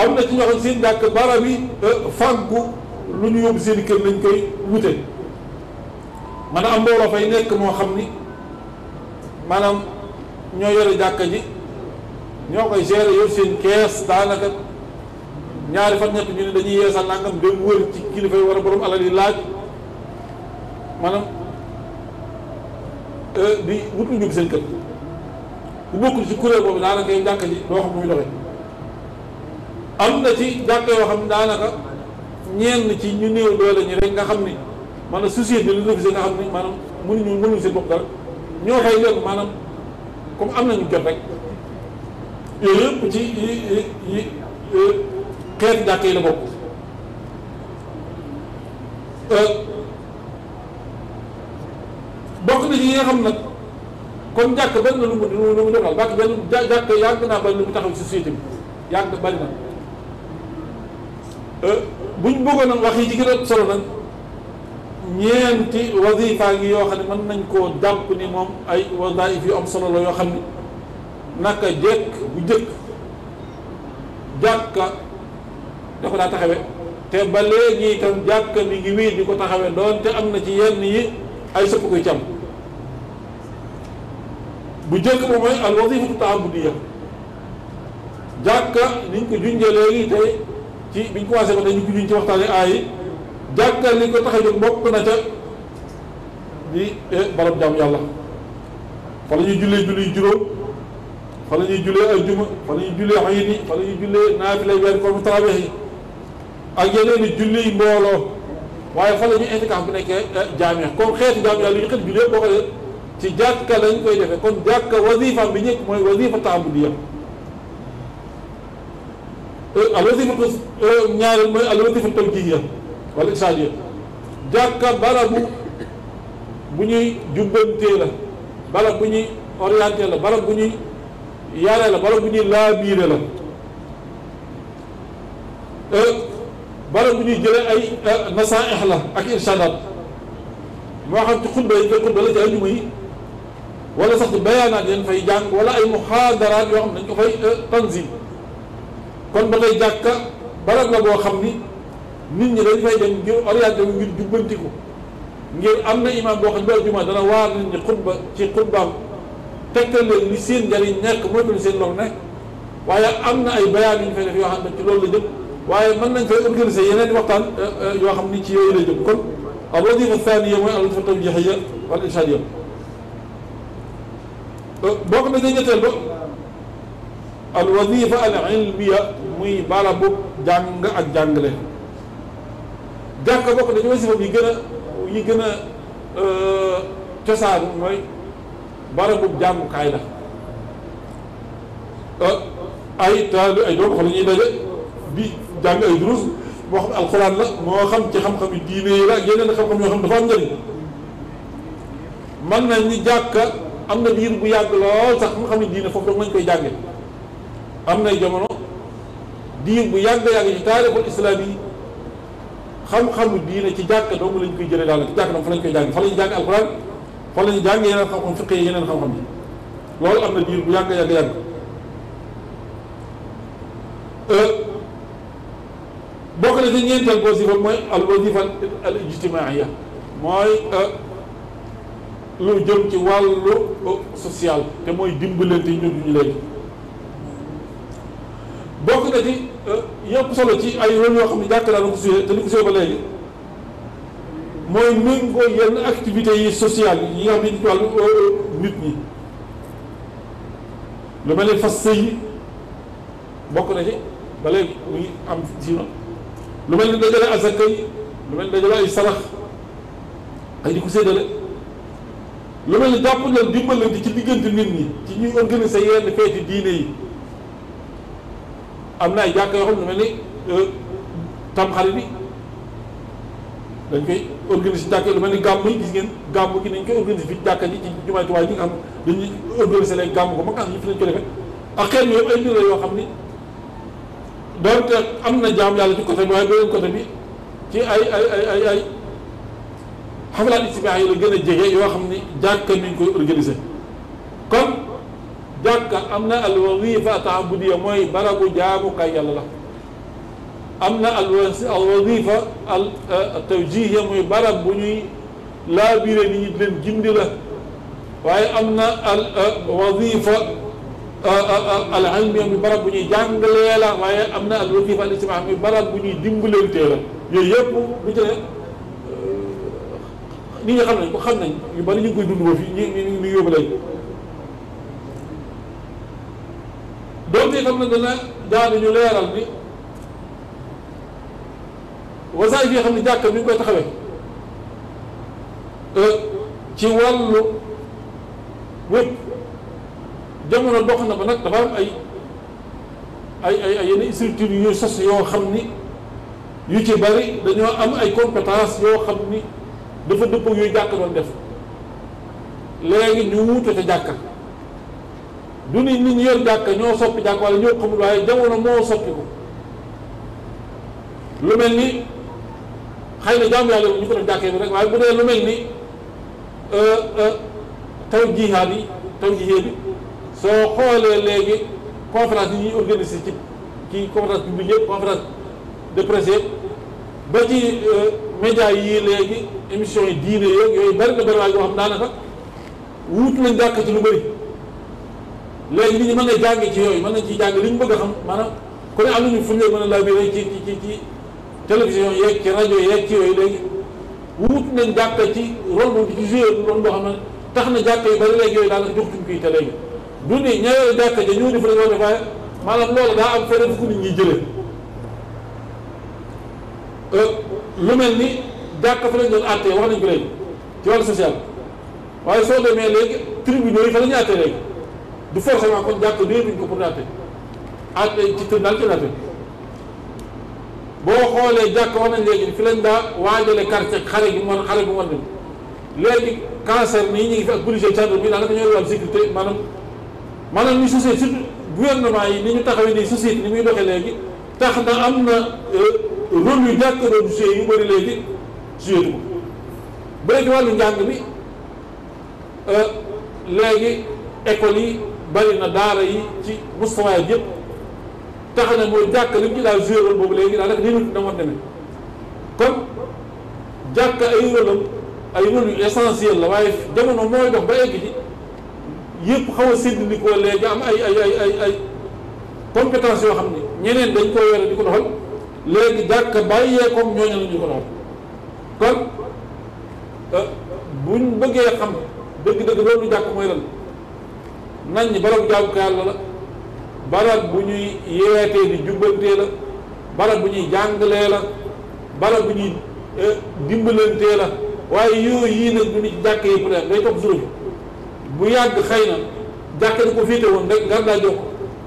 am na ci ñoo seen jàkk barab yi euh, fànku lu ñu lañ koy wute man a am mbooloo fay nekk moo xam ni maanaam ñoo yore jàkka ji ñoo koy gérer yor seen kees daanaka ñaari fan ñett ñu ne dañuy yeesal nangam dem wër ci kilifa yi war a borom alal yi laaj maanaam euh, di wut lu jóg seen kër bu bokkul ci kuréel boobu daanaka yow jàkka ji doo xam am na ci yoo xam ne daanaka ñenn ci ñu néew nga xam ni maanaam société bi li nga gisee nga xam ni maanaam mënuñu mënuñu bopp dara ñoo fay leen maanaam comme am nañu jot rek yooyu yëpp ci yi. xeetu jàkk yi la bokk euh, bokk na yi nga xam nag kon jàkk benn lu mu lu mu defal bàkk benn jàkk yàgg naa bari lu mu taxaw ci société bi yàgg bari na euh, buñ bëggoon nag wax yi ci gën a solo nag ñeenti wasifa ngi yoo xam ne mën nañ koo jàpp ni moom ay wasaif yu am solo la yoo xam ne naka jekk bu jëkk jàkka da ko daa taxawe te ba léegi itam jàkka mi ngi wii di ko taxawe doonte am na ci yenn yi ay sëpp koy cam bu jëkk ba mooy al wazifatu taabudiya jàkka niñ ko biñ ko junj ci waxtaane aayi jàkka li ko taxa a jóg bokk na ca di eh, barab jàmm yàlla fa la jullee julli juróom fa la jullee ay juma fa la jullee xayit yi fa comme tarawih yi ak yeneen i julli mbooloo waaye fa la ñu intikaaf bi nekkee eh, jaamia comme xeetu jaamia li ñu xeet julli yëpp boo ko ci jàkka lañ koy defee kon jàkka wasifaam bi ñëkk mooy wasifa taabudiya eh, al wasifatu eh, ñaareel mooy al wasifa tawjihiya wala irsaadiya jàkka barabu bu ñuy jubbantee la barab bu ñuy orienté la barab bu ñuy yaree la barab bu ñuy laabiire la barab bu ñuy jëlee ay euh, nasaaix la ak irshadaat moo xam ci xutba yi nga xutba la ci ajuma yi wala sax ci bayaanaat yéen yoo xam ne dañ ko fay euh, tanzim kon ba tey jàkka barab la boo xam ni nit ñi dañ fay dem ngir orienté wu ngir jubbanti ko ngir am na imaam boo xam ne ajuma dana waar nit ñi xutba ci xutbaam tegtal leen ni seen njëriñ nekk moytuñ seen loolu nekk waaye am na ay bayaan yi ñu fay def yoo xam ne ci loolu la jëm. waaye mën nañ fay organiser yeneen waxtaan euh, euh, yoo xam ni ci yooyu lay jëm kon al wadifa thaniya mooy al tawjihiya wal irshadiya euh, bokk na ca ñetteel ba al wadifa al ilmiya muy baala bu jàng ak jàngale jàkka bokk na ci wasifa yi gën a yi gën a cosaanu mooy barabu jàngukaay la ay taal ay doomu xam la ñuy daje bi jàng ay durus moo xam alxuraan la moo xam ci xam-xam yi diine yi la ak yeneen xam-xam yoo xam dafa am nga man nañ bu yàgg lool sax xam-xam yi diine foofu rek lañ koy jànge am nay jamono diin bu yàgg yàgg ci taarixul islam yi xam-xamu diine ci jàkka dong lañ koy jëlee daal ci jàkka dong fa lañ koy jàng fa lañ jàng alxuraan fa lañ jàng yeneen xam-xam fiqh yeneen xam-xam yi loolu am na diir bu yàgg yàgg yàgg euh, bokk na si ñeenteel wasifa mooy al wasifa al ijtimaaiya mooy euh, lu jëm ci wàllu euh, social te mooy dimbalante ñun ñu léegi bokk na ci euh, yëpp solo ci ay rôle yoo xam ne jàkk daana ko suyee te li ko suyee ba léegi mooy méngoo yenn activités yi sociales yi nga xam ne ci nit ñi lu mel ne fas sëy bokk na ci ba léegi mu am si lu mel ni dajale asaka yi lu mel ni dajale ay sarax ay di ko séddale lu mel ni jàppale dimbalante ci diggante nit ñi ci ñuy organiser yenn feeti diine yi am na ay jàkka yoo xam ne mel ni euh, tamxarit bi dañ koy organiser ci jàkka lu mel ni gàmm yi gis ngeen gàmm gi nañ koy organiser fii jàkka ji ci jumaay Tuubaa yi nga dañuy organiser lay gàmm ko ba nga xam ne fi lañ ko defee ak xeet yooyu ay mbir la yoo xam ni donc am na jaam yàlla ci côté bi waaye beneen côté bi ci ay ay ay ay ay xafalaat ijtimaa yi la gën a jege yoo xam ni jàkka ni ñu koy organisé kon jàkka am na al wazifa taabudiya mooy barabu jaamukaay am na al al wazifa euh, al tawjihiya barab bu ñuy laabiré nit ñi di la waaye am na al euh, wazifa al almiya muy barab bu ñuy jàngalee la waaye am na al wakifa al ijtimaa muy barab bu ñuy dimbalantee la yooyu yëpp bu ci euh, nit ñi xam nañ ko xam nañ yu ñu koy dund ba fii ñu ñu ñu yóbbu lañ doonte xam na dana jaadu ñu leeral ni wasaay bi xam ne jàkka mi ngi koy taxawee euh, ci wàllu jamono dox na ba nag dafa am ay ay ay ay yenn structure yu sos yoo xam ni yu ci bari dañoo am ay compétence yoo xam ni dafa dëpp yuy jàkk doon def léegi ñu wuute ca jàkka du ni nit ñi yor jàkka ñoo soppi jàkka wala ñoo xamul waaye jamono moo soppi ko lu mel ni xëy na jaamu yàlla ñu ko def jàkkee bi rek waaye bu dee lu mel ni euh, euh, taw jihaad yi taw jihee bi soo xoolee léegi conférence yi ñuy organiser ci ci conférence publique yëpp conférence de ba ci euh, média yi léegi émission yi diine yeeg yooyu bari na bari waay yoo xam daanaka wuutu lañ jàkk ci lu bëri léegi nit ñi mën na jàng ci yooyu mën nañ ci jàng li ñu bëgg a xam maanaam ku ne am nañu fu ñu mën a labiré ci ci ci ci télévision yeeg ci rajo yeeg ci yooyu léegi wuutu nañ jàkk ci rôle boo xam ne tax na jàkk yu bari léegi yooyu daanaka joxtuñ kuy te léegi du ni ñaareel jàkka ja ñoo def rek war waaye maanaam loolu daa am feneen fu nit ñi jëlee euh, lu mel ni jàkka fa lañ doon àttee wax nañ ko léegi ci wàllu social waaye soo demee léegi tribunaux yi fa la ñuy àttee léegi du forcément kon jàkka du yëpp ko pour àtte àtte ci tribunal ci àtte boo xoolee jàkka wax nañ léegi fi lañ daa waajale quartier xare gi moon xare bi moon dem léegi cancer nii ñu ngi fi ak policier gendarmerie daanaka ñooy wàllu sécurité maanaam maanaam ñu société surtout gouvernement yi ni ñu taxawee nii société ni muy doxee léegi tax na am na euh, rôle yu jàkkaarloo du suy yu bëri léegi suyee ko bu dee wàllu njàng mi euh, léegi école yi bari na daara yi ci mustawaay yëpp tax na mooy jàkka li ci daal suyee boobu léegi daanaka nii nit na war demee kon jàkka ay rôlam ay rôle yu essentiel la waaye jamono mooy dox ba egg ci yëpp xaw a séddalikoo léegi am ay ay ay ay compétence yoo xam ni ñeneen dañ koo yore di ko doxal léegi jàkka bàyyee comme ñooñu la ñu ko doxal kon euh, buñ bëggee xam dëgg-dëgg loolu jàkk mooy lan nañ ñi barab jaamu yàlla la barab bu ñuy yeetee di jubbantee la barab bu ñuy jàngalee la barab bu ñuy euh, dimbalantee la waaye yooyu yii nag bu ñu ci jàkk yi peut-être topp suñu bu yàgg xëy na jàkka di ko féete woon rek nga daa jox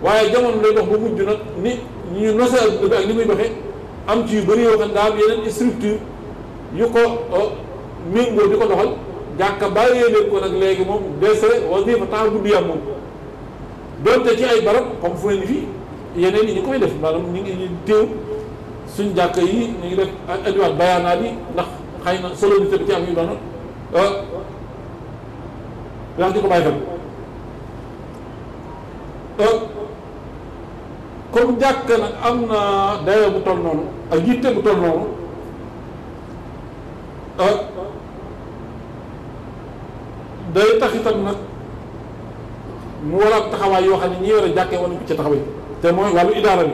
waaye jamono lay dox ba mujj nag ni ñu nosal bi ak ni muy doxee am ci yu bëri yoo xam daa am structure yu ko euh, méngoo di ko doxal jàkka bàyyee leen ko nag léegi moom dese wasifa temps gudd yam moom donte ci ay barab comme fu ne ni fii yeneen yi ñu koy def maanaam ñu ngi ñu teew suñ jàkka yi ñu ngi def ak adiwaat bayaanaat yi ndax xëy na solonité bi ci am yu doon wax di ko bàyyi xel euh, comme jàkk nag am na dayo bu toll noonu ak yitte bu toll noonu euh, day tax nag mu war a taxawaay yoo xam ne ñi war a jàkkee wala ñu ci taxawee te mooy wàllu idaara bi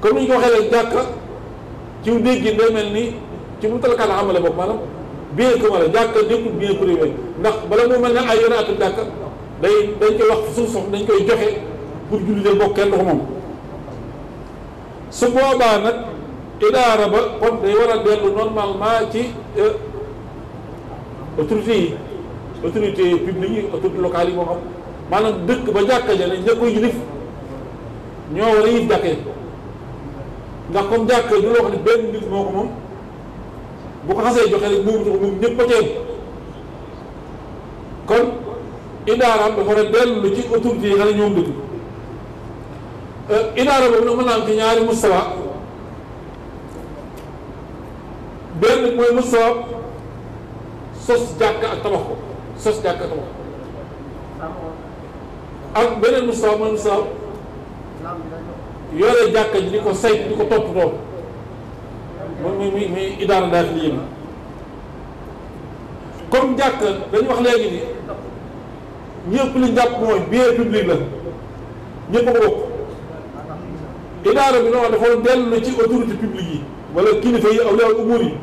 comme ñu ko waxee rek jàkka ci wu dégg day mel ni ci mu talakaal xamale bopp maanaam bien commun la jàkka bi bien privé ndax bala mu mel ne ay yoon atum jàkka day dañ koy wax suuf sox dañ koy joxe pour julli jël bokk kenn du ko moom su boobaa nag idaara ba kon day war a dellu normalement ci euh, autorités yi autorité publique yi autorité locale yi moo xam maanaam dëkk ba jàkka ja ne ña koy yilif ñoo war a yit jàkkee ndax comme jàkka ju loo xam ne benn nit moo ko moom boo ko xasee joxe rek moom moom ñëpp a cay kon idaaraam dafa war a dellu ci autorité yi nga ne ñoom dëkk euh, idaara boobu nag naa am ci ñaari mustawa benn mooy mustawa sos jàkk ak tabax ko sos jàkk ak tabax ak beneen mustawa mooy mustawa yore jàkka ji di ko sayt di ko topp topp muy muy muy idaara daaxili yi comme jàkk dañu wax léegi ni ñëpp li jàpp mooy bien public la ñëpp a ko bi noonu dafa dellu ci autorité publique yi wala kilifa yi awliyaa umuur yi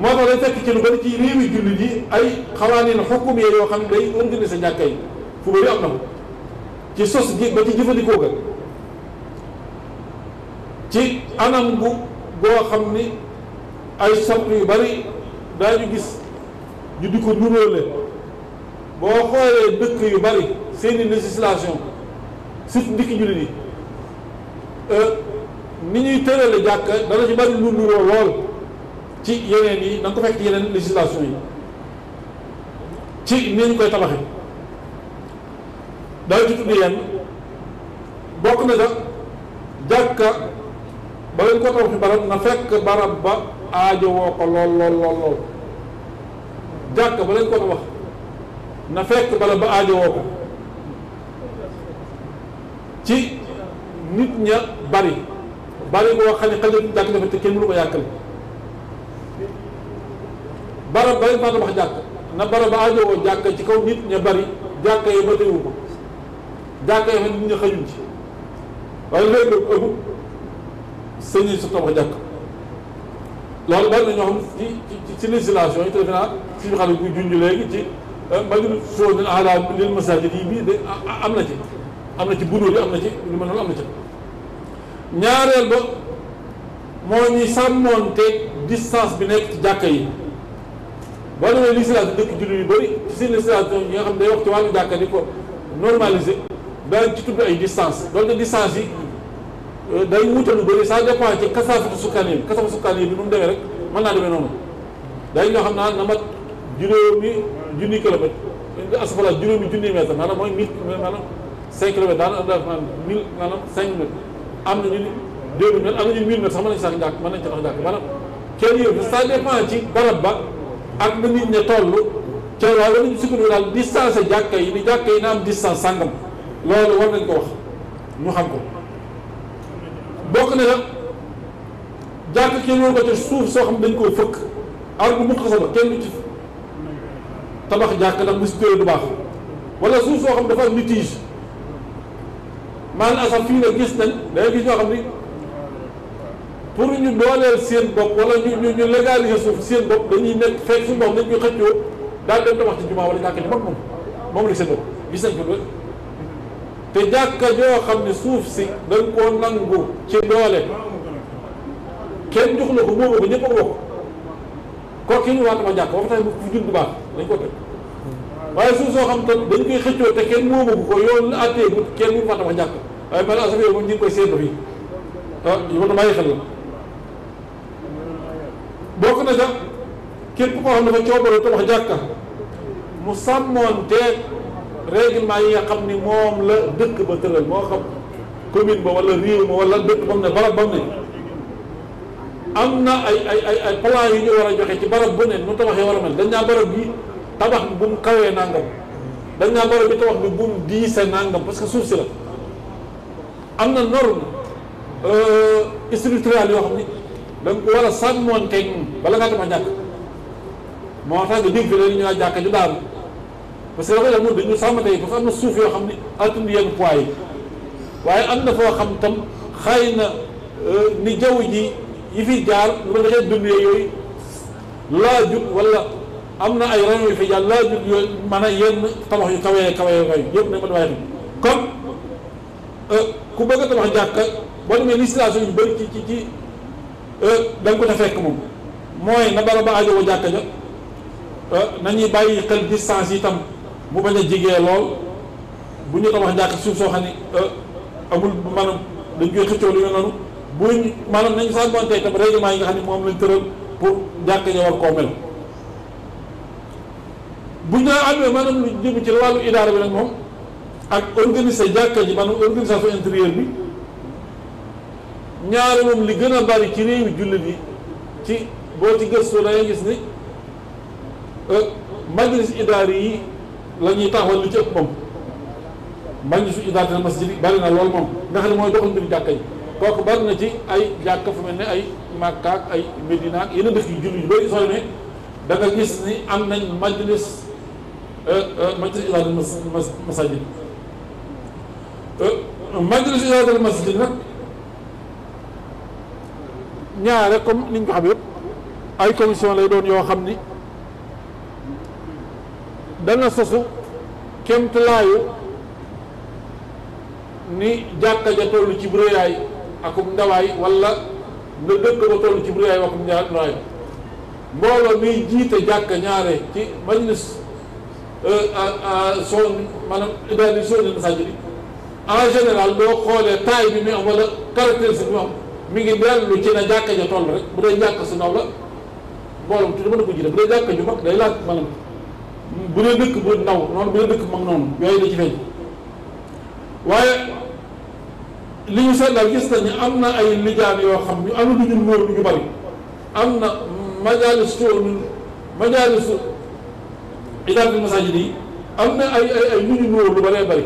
moo tax day fekk ci lu bari ci réew yi jullit yi ay xawaanin xukum yee yoo xam ne day organiser sa jàkka yi fu bari am na ko ci sos gi ba ci jëfandikoo ga ci anam bu goo xam ni ay sart yu bari daañu gis ñu di ko nuróole boo xoolee dëkk yu bari seeni législation surtout ndikki jullit yi euh, ni ñuy tërale jàkka dana ci bari lu nuroo lool ci yeneen yi da nga ko fekk yeneen législation yi ci ni ñu koy tabaxe daañu ci tudd yenn bokk na sax jàkka ba ngeen ko tabax fi barab na fekk barab ba aajo woo ko lool lool lool jàkk ba leen ko tabax na fekk barab ba aajo woo ko ci nit ña bari bari boo xam ne xale yi jàkk dafa te kenn mënu ko yàkkal na barab ba aajo woo jàkk ci kaw nit ña bari jàkk yi ba teewu ko jàkk yi fa nit ña xajuñ ci waaye léegi ëpp sëñ yi su ko jàkk loolu bari na ñoo xam ci ci ci législation yi te defe naa si ñu xam ne bu junj léegi ci mbajul soo dina ala lil masajid yi bii de am na ci am na ci bunóor yi am na ci li mel noonu am na ci ñaareel ba moo ñuy sàmmoonte distance bi nekk ci jàkka yi boo demee législation dëkk jullit yu bëri ci seen législation yi nga xam ne day wax ci wàllu jàkka di ko normaliser daañu ci tudd ay distance doonte distance yi Euh, day wuute lu bëri ça dépend ci kasaafatu sukkaan yi kasaafatu sukkaan yi bi nu mu demee rek mën naa demee noonu day ñoo xam naa na mat juróomi junni kilomètre asfala juróomi junni mètre maanaam mooy mille maanaam cinq kilomètres daana am daal mille maanaam cinq mille am nañu ni deux mille mètres am nañu mille mètres sax mën nañu sax njàkk mën nañu sax njàkk kenn yëpp ça dépend ci barab ba ak na nit ña toll ca waaye war nañu sukkandiku daal distance jàkka yi ni jàkka yi na am distance sàngam loolu war nañ ko ñu xam bokk na nag jàkk kenn waru ko ci suuf soo xam dañ koo fëkk ar bu mu xasama kenn du ci tabax jàkk ndax bu si tëye du baax wala suuf soo xam dafa am litige maanaam asaf fii na gis nañ dangay gis ñoo xam ni pour ñu dooleel seen bopp wala ñu ñu ñu légaliser suuf seen bopp dañuy nekk fekk suñu bopp dañ koy xëccoo daal dem tabax ci jumaa wala jàkk ji mag moom moom la seen bopp gis nañ ko te jàkka joo xam ne suuf si da nga koo nangu ci doole kenn jox la ko moomu ko ñëpp a bokk kooku ñu waat ma jàkk ba dañ ko tëj waaye suuf soo xam te dañ koy xëccoo te kenn moomu ko yoon la àttee bu kenn mu fàttama jàkk waaye mel asaf yooyu moom ñu koy seetlu fii ah yu a bàyyi xel la bokk na sax képp koo xam dafa coobare tabax jàkka mu sàmmoon teeg règlement yi nga xam ni moom la dëkk ba tëral moo xam commune ba wala réew ma wala dëkk ba ne barab ba mu ne am na ay ay ay ay plan yu ñu war a joxe ci barab bu ne nu tabaxee war a mel dañ naa barab bi tabax bi bu mu naa barab bi tabax bi bu mu diise nangam parce que suuf si la am na norme euh, structurelle yoo xam ne danga ko war a sàmmoon tey bala ngaa tabax jàkk moo tax nga dégg fi leen ñu naan jàkka ju daanu parce que dafay dem moom dañu sàmm tey parce am na suuf yoo xam ni altine yenn poids yi waaye am na foo xam tam xëy na euh, ni jaww ji yi fi jaar lu ma defee dundee yooyu laajut wala am na ay rayon yu fi jaar laajut yooyu man a yenn tabax yu kawee kawee kawee yëpp nañ ko dafay def kon euh, ku bëgg a tabax jàkka boo demee législation yu bëri ci ci ci euh, da nga ta fekk moom mooy na bara ba ajowoo jàkka ja nañuy bàyyi xel distance yi tam mu bañ a jigee lool bu ñu ko wax jàkk suuf soo xam ne euh, amul maanaam dañ koy xëccoo lu ñu noonu buñ maanaam nañ sàmmonte itam règlement yi xam ne moom lañ tëral pour jàkk ja war koo mel bu ñu amee maanaam lu jëm ci wàllu idaara bi nag moom ak organiser jàkka ji maanaam organisation intérieure bi ñaari moom li gën a bari ci réewi jullit yi ci boo ci gëstu da gis ni euh, majlis idaari yi la ñuy taxawal li ci ëpp moom bañ su idaatal masjid bari na loolu moom nga xam ne mooy doxal mbir jàkka yi kooku bari na ci ay jàkka fu mel ni ay Makka ay Medina ak yeneen fi yu yu bari soo ne da gis ni am nañ majlis euh, euh, majlis idaatal masajid euh, majlis idaatal masjid nag ñaare comme niñ ko xam yëpp ay commission lay doon yoo xam ni dana sosu kemtalaayu ni jàkka ja toll ci réyaay akum ndawaay wala na dëkk ba toll ci réyaay akum ndawaay mbooloo miy jiite jàkka ñaare ci majlis son euh, euh, euh, maanaam idaani soni masajid en général boo xoolee taille bi mi am wala caractéristique bi mu mi ngi dellu ci na jàkka ja toll rek bu dee jàkka su ndaw la mbooloo tuuti mën na ko jiite bu dee jàkka ju day laaj maanaam bu dee dëkk bu ndaw noonu bu dee dëkk mag noonu yooyu da ci feeñ waaye li ñu seet daal gis nañu am na ay lijaan yoo xam ñu am na du ñu wóor du ñu bari am na majaalis toon majaalis idaatul masaajid yi am na ay ay ay lu ñu wóor lu bëree bëri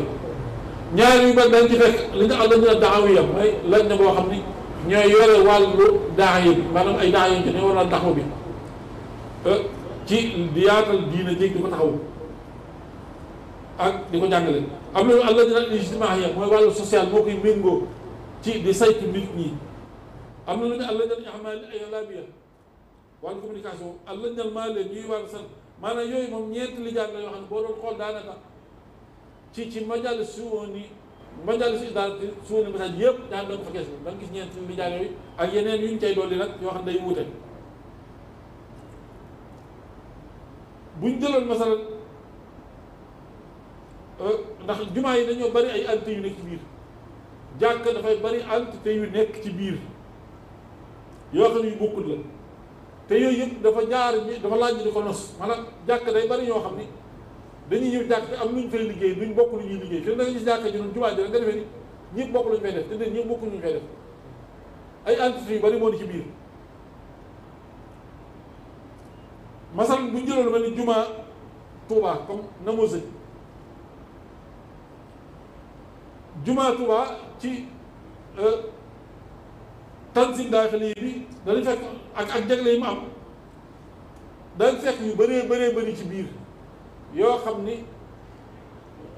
ñaar yu bëri dañ ci li ñu àll ñu ne daawiya mooy lañ ne boo xam ni ñooy yore wàllu daax yi maanaam ay daax yi ñu war naa taxaw bi ci di yaatal diina jéeg di ko taxaw ak di ko jàngale am loolu allah dina ijtimaaya mooy wàll social moo koy ngoo ci di saytu nit ñi am na lu ne allah dina amal ay laabiya wàllu communication allah dina maa leen ñuy wàllu san maanaam yooyu moom ñeenti li jàng la yoo xam ne boo doon xool daanaka ci ci majalis su woon ni majalis si daal su woon ni message yëpp daan doon fa gis da nga gis ñeenti li yooyu ak yeneen yu ñu cay dolli nag yoo xam ne day wuute buñ jëloon masalan euh, ndax jumaa yi dañoo bari ay entité yu nekk ci biir jàkk dafay bari entité yu nekk ci biir yoo xam ne yu bokkul la te yooyu yëpp dafa jaar bi dafa laaj ñu di ko nos maanaam jàkk day bari ñoo xam ni dañuy ñëw jàkk te am luñ fay liggéey duñ bokk lu ñuy liggéey te da nga gis jàkk ji noonu jumaa ji nga defee ni ñëpp bokk lu ñu fay def te ñëpp bokk lu ñu fay def ay entité yu bari moo di ci biir masal bu ñu jëloon mel ni jumaa Touba comme Namozëg jumaa Touba ci euh, tanzim daaxili bi danañ fekk ak jagle yi mu am dañ fekk yu bëree bëree bëri ci biir yoo xam ni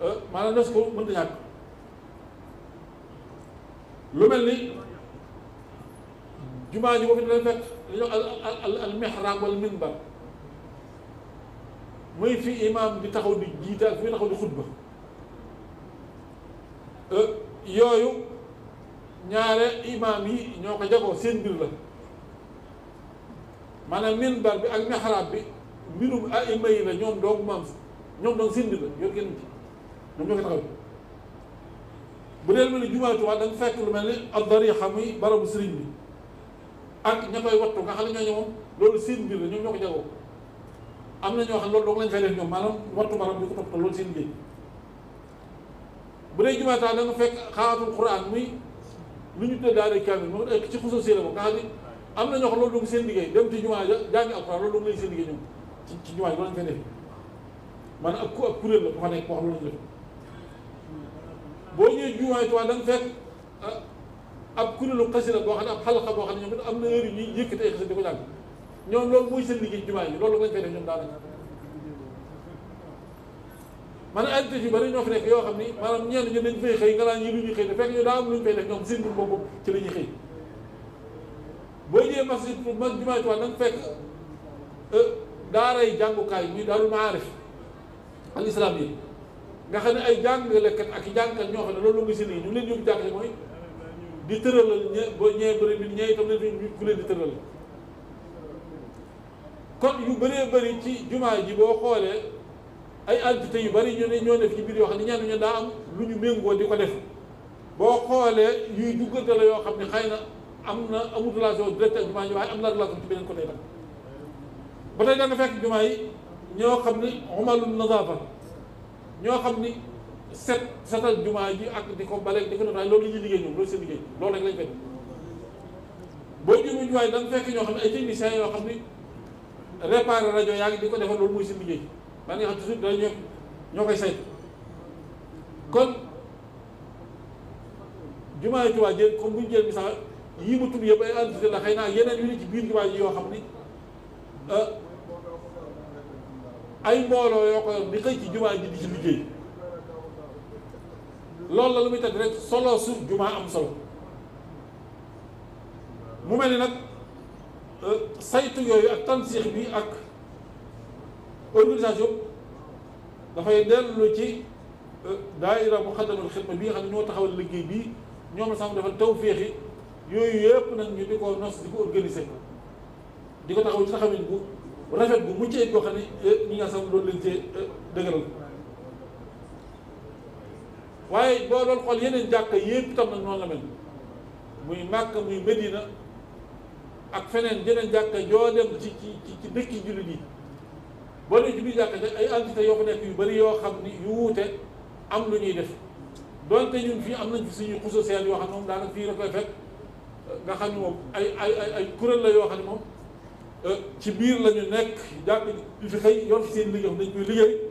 euh, maanaam des ko mënta ñàkk lu mel ni jumaa ji boobu dañ fekk dañoo al al al mihraab wal muy fi imaam di taxaw di jiite ak fi taxaw di xutba euh, yooyu ñaare imaam yi ñoo ko jagoo seen mbir la maanaam minbar bi ak xalaat bi mbirum aima yi la ñoom doogu maam ñoom doon seen mbir la yor kenn ci ñoom ñoo ko taxaw bu dee mel ni jumaa Tuubaa da nga fekk lu mel ni ak dariixa muy barabu sëriñ bi ak ña koy wattu nga xam ne ñooñu loolu seen mbir la ñoom ñoo ko jagoo am na ñoo xam loolu doog seen bu dee jumataa da nga fekk xaatul lu ñu tuddee daara kaamil moom ci xusu na ñoo xam loolu doog liggéey dem ci jumaa ja jàngi alquran loolu doog seen liggéey ñoom ci jumaa yi loolu lañ fay def maanaam ak ku boo xam loolu lañ def boo ñëwee jumaa ah, ab kuréelu xasida boo xam ne am na heure yi ñuy yëkkati ay xasida di ko jàng ñoom loolu muy seen liggéey jumaa yi loolu lañ fay def ñoom daanaka man altitude bari ñoo fi nekk yoo xam ni maanaam ñenn ñi dañ fay xëy nga naan yi lu ñuy xëy te fekk ñu daa am lu ñu fay def ñoom seen boobu ci la ñuy xëy boo jëlee masjid mag jumaa Tuubaa nag fekk euh, daaray jàngukaay ñuy daarul maarif al islam yi nga xam ne ay jàngalekat ak jàngkat ñoo xam ne loolu nga si nii ñu leen yóbbu jàngale mooy di tëralal ñe boo ñee bëri bi ñee itam leen fi leen di tëralal kon yu bëree bëri ci jumaa ji boo xoolee ay entité yu bari ñu ne ñoo def ci biir yoo xam ne ñenn ñu daa am lu ñu méngoo di ko def boo xoolee yuy duggante la yoo xam ne xëy na am na amul relation directe ak jumaa ji waaye am na relation ci beneen côté nag ba tey da nga fekk yi ñoo xam ni xumalul nazaafa ñoo xam ni set setal jumaa ji ak di ko bale di ko def loolu la ñuy liggéey ñoom loolu seen liggéey loolu rek lañ fekk boo jëlee jumaa yi da fekk ñoo xam ne ay techniciens yoo xam ni. réparé rajo yaa ngi di ko defar loolu mooy seen liggéey man nga xam toujours dañu ñoo koy saytu kon jumaa yi Tuubaa jël comme bu jël misaal yii ma tudd yëpp ay entité la xëy naa yeneen yu ne ci biir jumaa yoo xam ni ah, ay mbooloo yoo ko di xëy ci jumaa ji di ci liggéey loolu la lu muy tëdd rek solo su jumaa am solo mu mel ni nag saytu yooyu ak tansiix bi ak organisation dafay dellu ci euh, daayira bu xaddamul xidma bi nga xam ne ñoo taxawal liggéey bi ñoom la sàmm defal tawféexi yooyu yëpp nag ñu di ko nos di ko organiser di ko taxaw ci taxawin bu rafet bu mu ayib boo xam ne euh, ñi nga sàmm doon leen cee euh, dëgëral waaye boo doon xool yeneen jàkka yépp tam nag noonu la mel muy Màkka muy Medina. ak feneen jeneen jàkka yoo dem ci ci ci dëkki jullit yi boo dee ci biir jàkka ay entité yoo fa nekk yu bari yoo xam ni yu wuute am lu ñuy def doonte ñun fii am nañ fi suñu xuso seen yoo xam ne moom daanaka fii la koy fekk nga xam ne moom ay ay ay ay kuréel la yoo xam ne moom euh, ci biir la ñu nekk jàkk ñu fi xëy yor fi seen liggéey dañ koy liggéey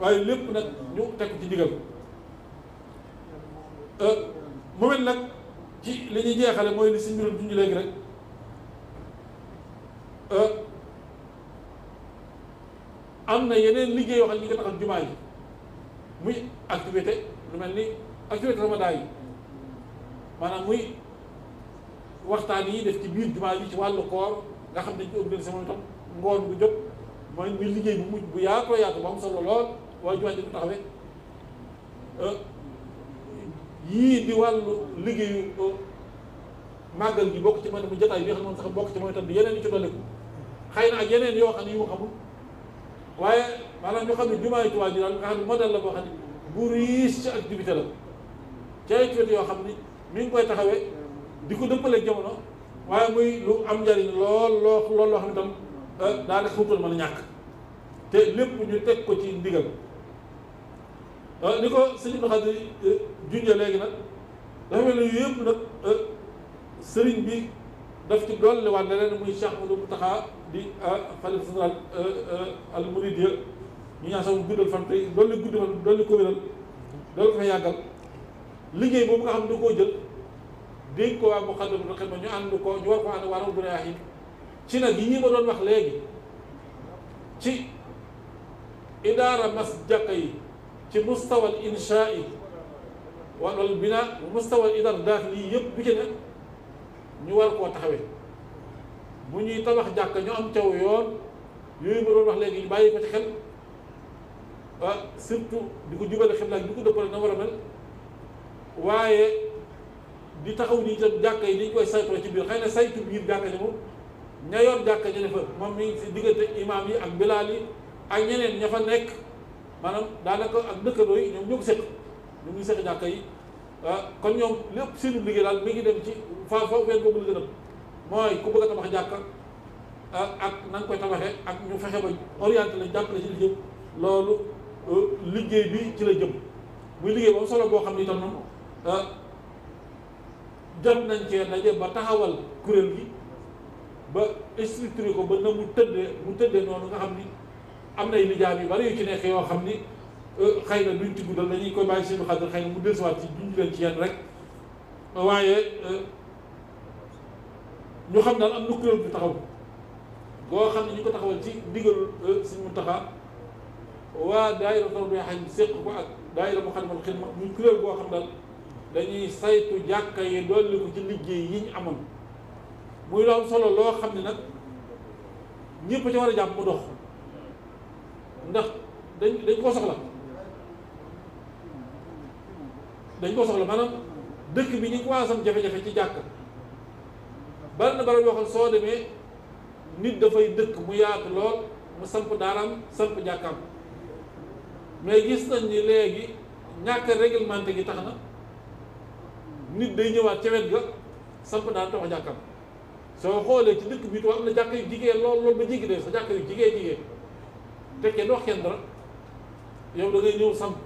waaye lépp nag ñu teg ci digal euh, mu mel nag ci li ñuy jeexale mooy li si mbirum junj léegi rek. Euh, am na yeneen liggéey yoo xam ne ñu ngi taxal jumaa yi muy activité lu mel ni activité ramadan yi maanaam muy waxtaan yi def ci biir jumaa yi ci wàllu koor nga xam ne dañ ko organisé moom itam bu jot mooy muy liggéey bu bu yaatoo yaatu ba am solo lool waaye jumaa ji ko taxawee euh, yii di wàllu liggéeyu euh, màggal gi bokk ci bi moom sax di yeneen yi ci dolliku xëy na ak yeneen yoo xam ne yu ma xamul waaye maanaam ñu xam ne jumaay Tuubaa ji daal nga xam ne modèle la boo xam ne bu riis ci activité la ci ay activité yoo xam ne mi ngi koy taxawee di ko dëppaleeg jamono waaye muy lu am njariñ lool loo lool loo xam ne tam euh, daanaka xuutal mën a ñàkk te lépp ñu teg ko ci ndigal euh, ni ko sëñ bi xadi euh, junje léegi nag dafa mel ni yëpp nag sëriñ bi daf ci dolliwaat leneen muy Cheikh Moudou Moutaxa di ah, xalif général ah, ah, al murid ya ñu ñaan fan tey doolu ko wéral doolu ko fa yàggal liggéey boobu nga xam ne da koo dégg ko waa mu xaddam na xel ko ñu war ko ànd waa raw duna yaaxin ci nag yi ñi ma doon wax léegi ci idaara yi ci mustawal insha yi wal binaa mustawal idaara yëpp bi ci ne ñu war koo taxawee bu ñuy tabax jàkk ñu am caw yoon yooyu ma doon wax léegi ñu bàyyi ko ci xel ah surtout di ko jubale xel ak ko dëppale na war a mel waaye di taxaw nii itam jàkk yi ni ñu koy saytoo ci biir xay na saytu biir jàkk ji moom ña yor jàkk ji dafa moom mi ngi si diggante imaam yi ak bilaal ak ñeneen ña fa nekk maanaam daanaka ak dëkkandoo yi ñoom ñoo ko seq ñu ngi seq jàkk yi ah, kon ñoom lépp seen liggéey daal mi ngi dem ci fa fa boobu la gën mooy ku bëgg a tabax jàkka ah, ak na nga koy tabaxee ak ñu fa ba orienté la jàppale ci li loolu euh, liggéey bi ci la jëm muy liggéey boobu solo boo xam ne itam noonu ah, jot nañ cee daje ba taxawal kuréel gi ba structuré ko ba na mu tëddee mu tëddee noonu nga xam ni am na ay lijaam yu bari ci nekk yoo xam ni euh, xëy na duñ ci guddal dañuy koy bàyyi seen xadar xëy na mu dellusiwaat ci duñ leen ci yenn rek waaye. Euh, ñu xam daal am na kuréel bu taxaw boo xam ne ñu ko taxawal ci ndigal euh, Sëriñ Muntaxa waa daayira Tawbe xaj séq ko ak daayira Muxaddamatul Xidma muy kuréel boo xam daal dañuy saytu jàkka yi dolli ko ci liggéey yi ñu solo loo xam ne nag ñëpp ci war a jàpp mu dox ndax dañ dañ koo soxla dañ koo soxla maanaam dëkk bi ñu ko waasam jafe-jafe ci jàkka bari na barab yoo xam soo demee nit dafay dëkk mu yaatu lool mu samp daaram samp jàkkam mais gis nañ ni léegi ñàkk réglementé gi tax na nit day ñëwaat ca wet ga samp daara tax jàkkam soo xoolee ci dëkk bi tu am na jàkk yu jigéen lool lool ba jigi sa jàkk yu jigéen jigéen te kenn wax kenn dara yow da ngay ñëw samp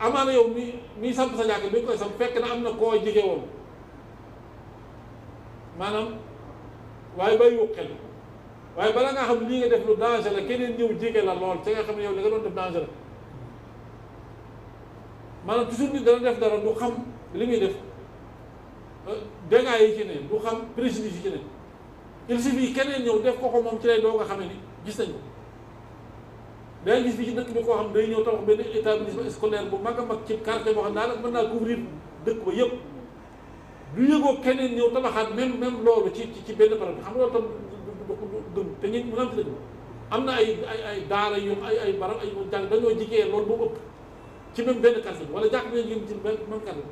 amaana yow mi miy samp sa jàkk bi koy samp fekk na am na koo jige woon maanaam waaye bàyyiwoo xel waaye bala ngaa xam lii nga def lu danger la keneen ñëw jege la lool te nga xam ne yow li nga doon def danger la maanaam toujours nit dana def dara du xam li muy def dégâts yi ci ne du xam préjudice yi ci ne il suffit keneen ñëw def ko ko moom ci lay doo nga xam ni gis nañu day gis bi ci dëkk bi koo xam day ñëw tabax benn établissement scolaire bu mag a mag ci quartier boo xam naa nag mën naa couvrir dëkk ko yëpp ñu yëgoo keneen ñëw tabaxaat même même loolu ci ci benn bi xam nga loolu tam du gëm te ñun mënaan fi la ñu am na ay ay ay daara yu ay ay barab ay jàng dañoo jigéen loolu moom ëpp ci même benn quartier wala jàkk bi ngeen ci benn même quartier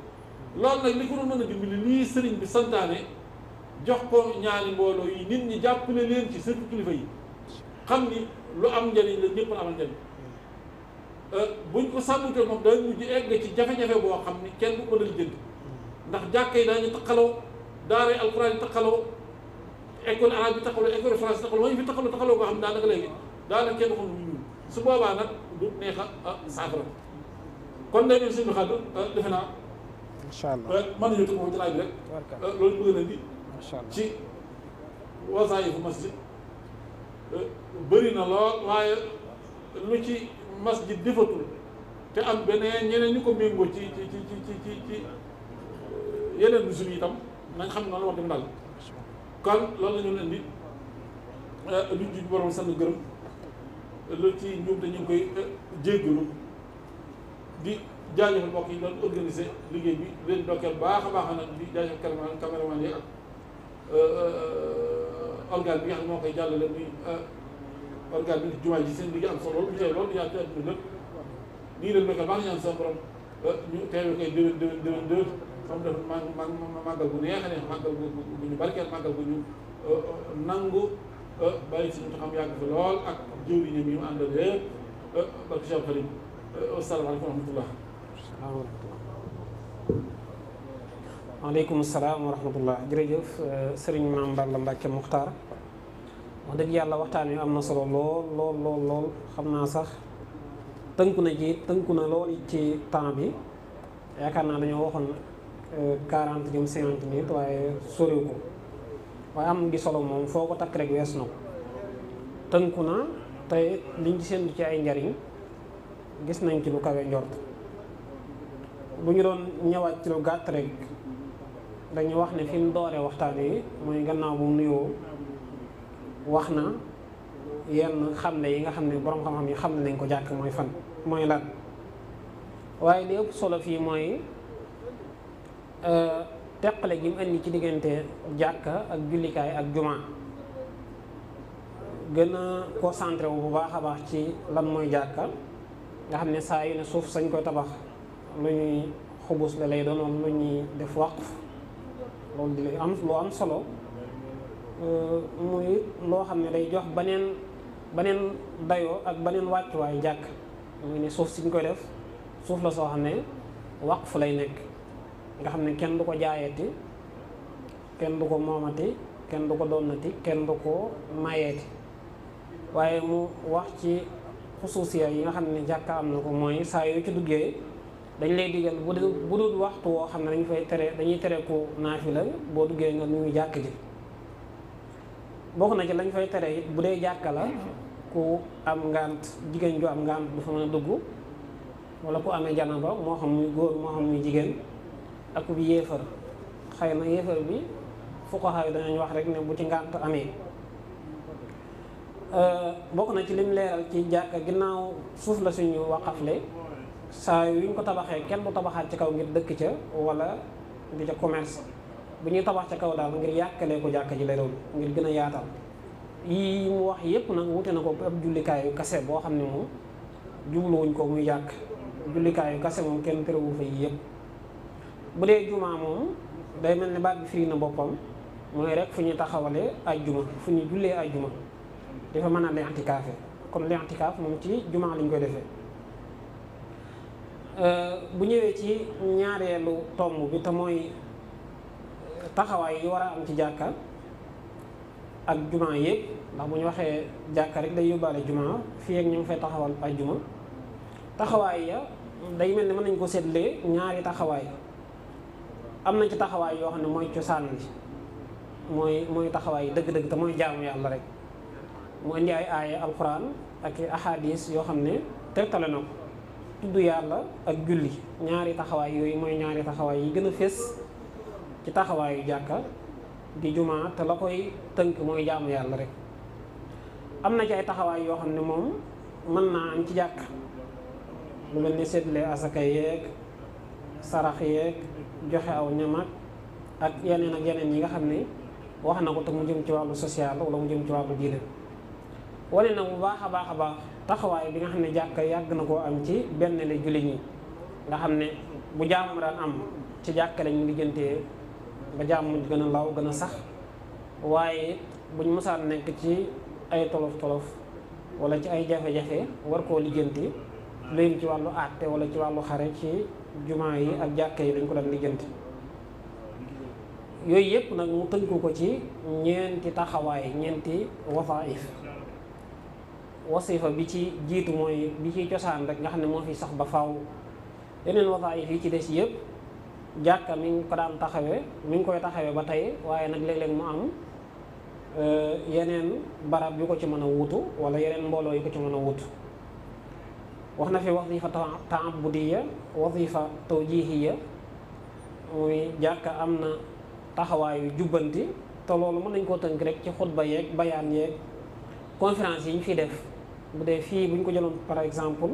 loolu nag li ko doon a dimbali lii sëriñ bi santaane jox ko ñaari mbooloo yi nit ñi jàppale leen ci surtout kilifa yi xam ni lu am njëriñ la ñëpp amal njëriñ euh, buñ ko sàmmutee moom day mujj egg ci jafe-jafe boo xam ni kenn du ko mën jënd ndax jàkka yi daañu taxaloo daara alquran yi taxaloo école arabe bi taxaloo école français taxaloo mooy fi taxaloo taxaloo koo xam daanaka léegi daanaka kenn xam ñu su boobaa nag du neex a saafara kon nag ñun suñu xaatu defe naa. incha allah mën nañu tënk ko ci laaj bi rek. loolu bëgg na bi. incha allah ci masjid bëri na lool waaye lu ci masjid defatul te am beneen ñeneen ñu ko méngoo ci ci ci ci. yeneen musul yi itam nañ xam noonu la wax dem daal kon loolu la ñu leen di luñ euh, juj gërëm lu ci ñoom te ñu ngi koy euh, jéggalu di jaajëfal mbokk yi doon organiser liggéey bi leen dokkeel baax a baax nag di jaajëfal cameraman cameraman yi ak euh, bi nga xam moo koy jàll jàllale muy organe bi jumaa yi seen liggéey am solo loolu bu tey loolu yaa ci àdduna lépp nii leen dokkeel baax ñaan sa borom ñu teewe koy déwén déwén déwén fa mu def ma màggal bu neex a neex màggal bu ñu barkeel màggal bu ñu euh, euh, nangu euh, bàyyi si ñu xam yàgg fi lool ak jëwriñam yi mu àndal lépp barke Cheikh Xarim asalaamaaleykum wa rahmatullah maaleykum salaam wa rahmatullah jërëjëf sëriñ Maam Balla Mbàkke Muxtaar wax dëgg yàlla waxtaan wi am na solo lool lool lool lool xam naa sax tënku na ci tënku na lool ci temps bi yaakaar naa dañoo waxoon quarante jëm cinquante nit waaye soriw ko waaye am ngi solo moom foo ko takk rek wees na ko tënku na tey liñ ci séntu ci ay njariñ gis nañ ci lu kawe njort bu ñu doon ñëwaat ci lu gàtt rek dañu wax ne fi mu dooree waxtaan yi mooy gannaaw bu mu nuyoo wax na yenn ne yi nga xam ne borom xam-xam yi xam ne nañ ko jàkk mooy fan mooy lan waaye li ëpp solo fii mooy Euh, teqale gi mu indi ci diggante jàkka ak jullikaay ak juma gën a concentré wu bu baax a baax ci lan mooy jàkka nga xam ne saa yu ne suuf sañ koy tabax lu ñuy xubus la lay doon wala lu ñuy def waqf loolu di am lu am solo euh, muy loo xam ne day jox baneen baneen dayoo ak baneen wàccuwaay jàkk muy ne suuf siñ koy def suuf la soo xam ne waqf lay nekk nga xam ne kenn du ko jaayati kenn du ko moomati kenn du ko doonati kenn du ko mayeeti waaye mu wax ci xusuusiya yi nga xam ne jàkka am na ko mooy saa yoo ci duggee dañ lay digal bu dul bu dul waxtu woo xam ne dañu fay tere dañuy tere ko naafila boo duggee nga nuyu jàkk ji bokk na ci lañ fay tere bu dee jàkka la ku am ngànt jigéen ju am ngant du fa mën dugg wala ku amee janaba moo xam muy góor moo xam muy jigéen akub yéefar xëy na yéefar bi fuqaha yi danañ wax rek ne bu ci ngànt amee euh, bokk na ci lim leeral ci jàkka ginnaaw suuf la suñu waqafle saa yuñ ko tabaxee kenn du tabaxaat ci kaw ngir dëkk ca wala di ca commerce bu ñuy tabax ca kaw daal ngir yàkkalee ko jàkka ji lay doon ngir gën a yaatal yii mu wax yépp nag wute na ko ab jullikaayu kase boo xam ne moom jubluwuñ ko muy yàq jullikaayu kase moom kenn terewul fa yii yépp bu dee jumaa moom day mel ni baat bi firi na boppam mooy rek fu ñu taxawale ay juma fu ñu jullee ay juma dafa mën a lentikaafe comme lentikaaf moom ci jumaa ñu koy defee euh, bu ñëwee ci ñaareelu tomb bi te mooy euh, taxawaay yi war a am ci jàkka ak jumaa yëpp ndax bu ñu waxee jàkka rek day yóbbaale jumaa fi ak ñu ngi fay taxawal ay juma taxawaay ya day mel ni mën nañ ko seetlee ñaari taxawaay am na ci taxawaay yoo xam ne mooy cosaan li mooy mooy taxawaay dëgg-dëgg te mooy jaamu yàlla rek mu indi ay aaya alquran ak ahadis yoo xam ne tegtale na ko tudd yàlla ak julli ñaari taxawaay yooyu mooy ñaari taxawaay yi gën a fés ci taxawaayu jàkka di jumaa te la koy tënk mooy jaamu yàlla rek am na ci ay taxawaay yoo xam ne moom mën naa am ci jàkka lu mel ni seddale asaka yeeg sarax yeeg joxe aw ñam ak yeneen ak yeneen yi nga xam ne wax na ko te mu jëm ci wàllu social wala mu jëm ci wàllu diine wane na bu baax a baax a baax taxawaay bi nga xam ne jàkka yàgg na koo am ci benn la julli ñi nga xam ne bu jàmm daan am ci jàkka lañu lijjantee ba jàmm gën a law gën a sax waaye buñ mosaan nekk ci ay tolof tolof wala ci ay jafe-jafe war koo lijjanti lu yëm ci wàllu àtte wala ci wàllu xare ci jumaa yi ak jàkka yi dañ ko daan lijjanti yooyu yëpp nag mu tënku ko ci ñeenti taxawaay ñeenti wasaif wasifa bi ci jiit mooy bi ci cosaan rek nga xam ne moo fi sax ba faw yeneen wasaif yi ci des yëpp jàkka mi ngi ko daan taxawee mi ngi koy taxawe ba tey waaye nag léeg-léeg mu am euh, yeneen barab yu ko ci mën a wutu wala yeneen mbooloo yu ko ci mën a wutu wax na fi wasifa ta'abbudiyya wadifa tawjihiya muy jàkka am na taxawaayu jubbanti te loolu mën nañ koo tënk rek ci xutba yeeg bayaan yeeg conférence yi ñu fi def bu dee fii bu ko jëloon par exemple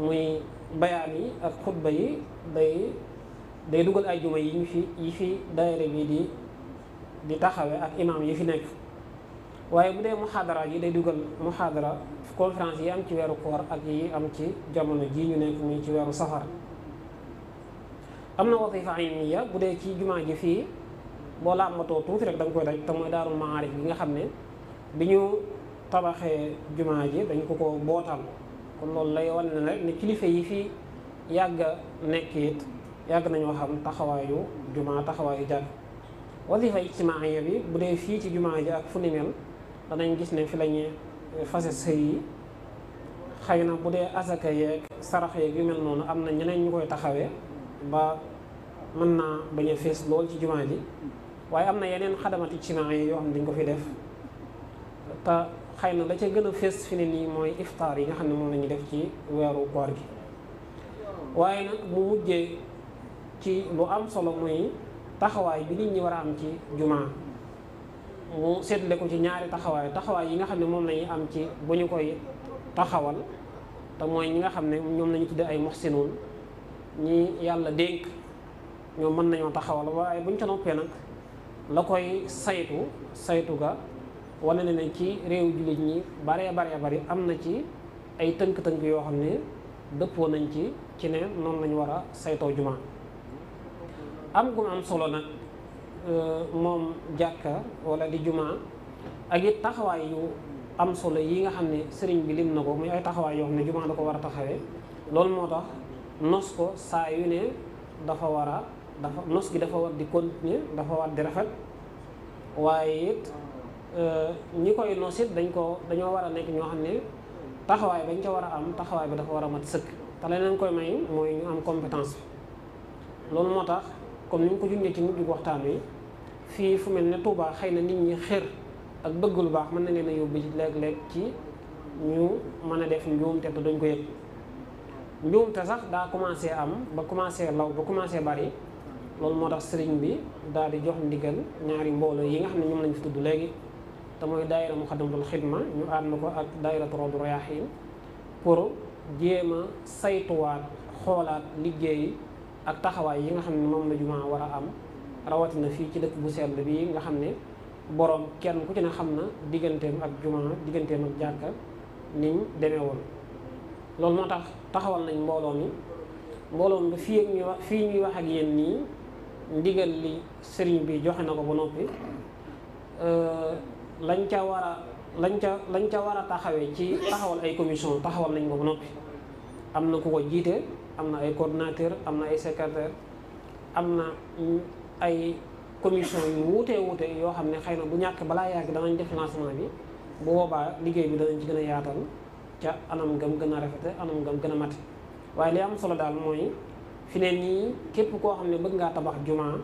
muy bayaan yi ak xutba yi day day dugal ay juma yi ñu fi yi fi daayira bi di di taxawe ak imaam yi fi nekk waaye bu dee muxaadara yi day dugal muxaadara conférence yi am ci weeru koor ak yi am ci jamono jii ñu nekk muy ci weeru safara am na wasifa ayniya bu dee ci jumaa ji fii boo làmbatoo tuuti rek da nga koy daj te mooy daarul maarif bi nga xam ne bi ñu tabaxee jumaa ji dañ ko ko bootal kon loolu lay wan ne rek ne kilifa yi fii yàgg a nekk it yàgg nañoo xam taxawaayu jumaa taxawaayu jàkk wasifa ijtimaaya bi bu dee fii ci jumaa ji ak fu ni mel danañ gis ne fi lañuy fase sëy yi xëy na bu dee asaka yeeg sarax yeeg yu mel noonu am na ñeneen ñu koy taxawee ba mën naa bañ a fees lool ci jumaa ji waaye am na yeneen xadamati ijtimaa yi yoo xam ne dañ ko fi def te xëy na la ca gën a fees fi ne nii mooy iftaar yi nga xam ne moom la def ci weeru koor gi waaye nag mu mujjee ci lu am solo muy taxawaay bi nit ñi war a am ci jumaa mu seetle ko ci ñaari taxawaay taxawaay yi nga xam ne moom la ñuy am ci bu ñu koy taxawal te mooy ñi nga xam ne ñoom la ci tuddee ay muxsinuun ñi yàlla dénk ñoom mën nañoo taxawal waaye bu ñu ca noppee nag la koy saytu saytu ga wane na ne ci réew jullit ñi baree baree bari am na ci ay tënk-tënk yoo xam ne dëppoo nañ ci ci ne noonu lañu war a saytoo jumaa am gum am solo nag Euh, moom jàkka wala di jumaa ak yit taxawaay yu am solo yi nga xam ne sëriñ bi lim na ko muy ay taxawaay yoo xam ne jumaa da ko war a taxawee loolu moo tax nos ko saa yu ne dafa war a dafa nos gi dafa war di continuer dafa war di rafet waaye it euh, ñi koy nos it dañ ko dañoo war a nekk ñoo xam ne taxawaay bañ ca war a am taxawaay bi dafa war a mat sëkk te leneen koy may mooy ñu am compétence loolu moo tax comme ni ñu ko junjee ci mujj waxtaan wi fii fu mel ne Touba xëy na nit ñi xër ak bëgg lu baax mën na leen a yóbbu léeg lekk ci ñu mën a def njuumte te duñ ko yëg njuumte sax daa commencé am ba commencé law ba commencé bari loolu moo tax sëriñ bi daal di jox ndigal ñaari mbooloo yi nga xam ne ñoom lañ fi tudd léegi te mooy daayira Muxaddamatul Xidma ñu ànd ko ak daayira Rawdu Rayaahiin pour jéem a saytuwaat xoolaat liggéey ak taxawaay yi nga xam ne moom la jumaa war a am rawatina fii ci dëkk bu sell bii nga xam ne boroom kenn ku ci ne xam na digganteem ak jumaa digganteem ak jàkka niñ demee woon loolu moo tax taxawal nañ mbooloo mi mbooloo mi fii ak ñuy wax fii ñuy wax ak yéen nii ndigal li sëriñ bi joxe na ko ba noppi lañ ca war a lañ ca lañ ca war a taxawee ci taxawal ay commission taxawal nañ ko ba noppi am na ku ko jiite am na ay coordonnateur am na ay secrétaire am na ay commission yu wuutee wuute yoo xam ne xëy na bu ñàkk balaa yàgg danañ def lancement bi bu boobaa liggéey bi danañ ci gën a yaatal ca anam gam gën a rafete anam gam gën a mate waaye li am solo daal mooy fi ne nii képp koo xam ne bëgg ngaa tabax jumaa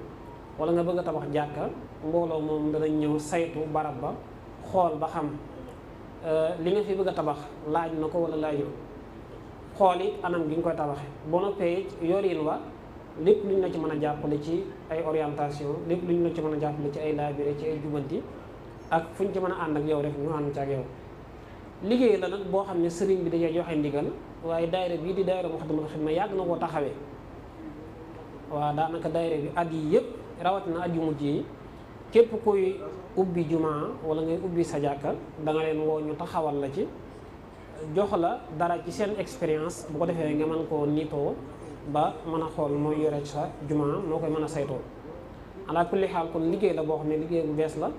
wala nga bëgg a tabax jàkka mbooloo moom danañ ñëw saytu barab ba xool ba xam euh, li nga fi bëgg a tabax laaj na ko wala laajul xool it anam gi nga koy tabaxee boo noppee yorin wa lépp lu ñu la ci mën a jàppale ci ay orientation lépp lu ñu la ci mën a jàppale ci ay laabire ci ay jubanti ak fu ñu ci mën a ànd ak yow rek ñu ànd ci ak liggéey la nag boo xam ne sëriñ bi dajee joxe ndigal waaye daayira bii di daayira Moukhaddamatoul Khidma yàgg na koo taxawee waaw daanaka daayira bi at yi yëpp rawatina at yu mujj yi képp koy ubbi jumaa wala ngay ubbi sa jàkka da leen woo ñu taxawal la ci jox la dara ci seen expérience bu ko defee nga mën koo niitoo ba mën a xool mooy yore sa jumaa noo koy mën a saytoo ala kulli xaal kon liggéey la boo xam ne liggéey bu bees la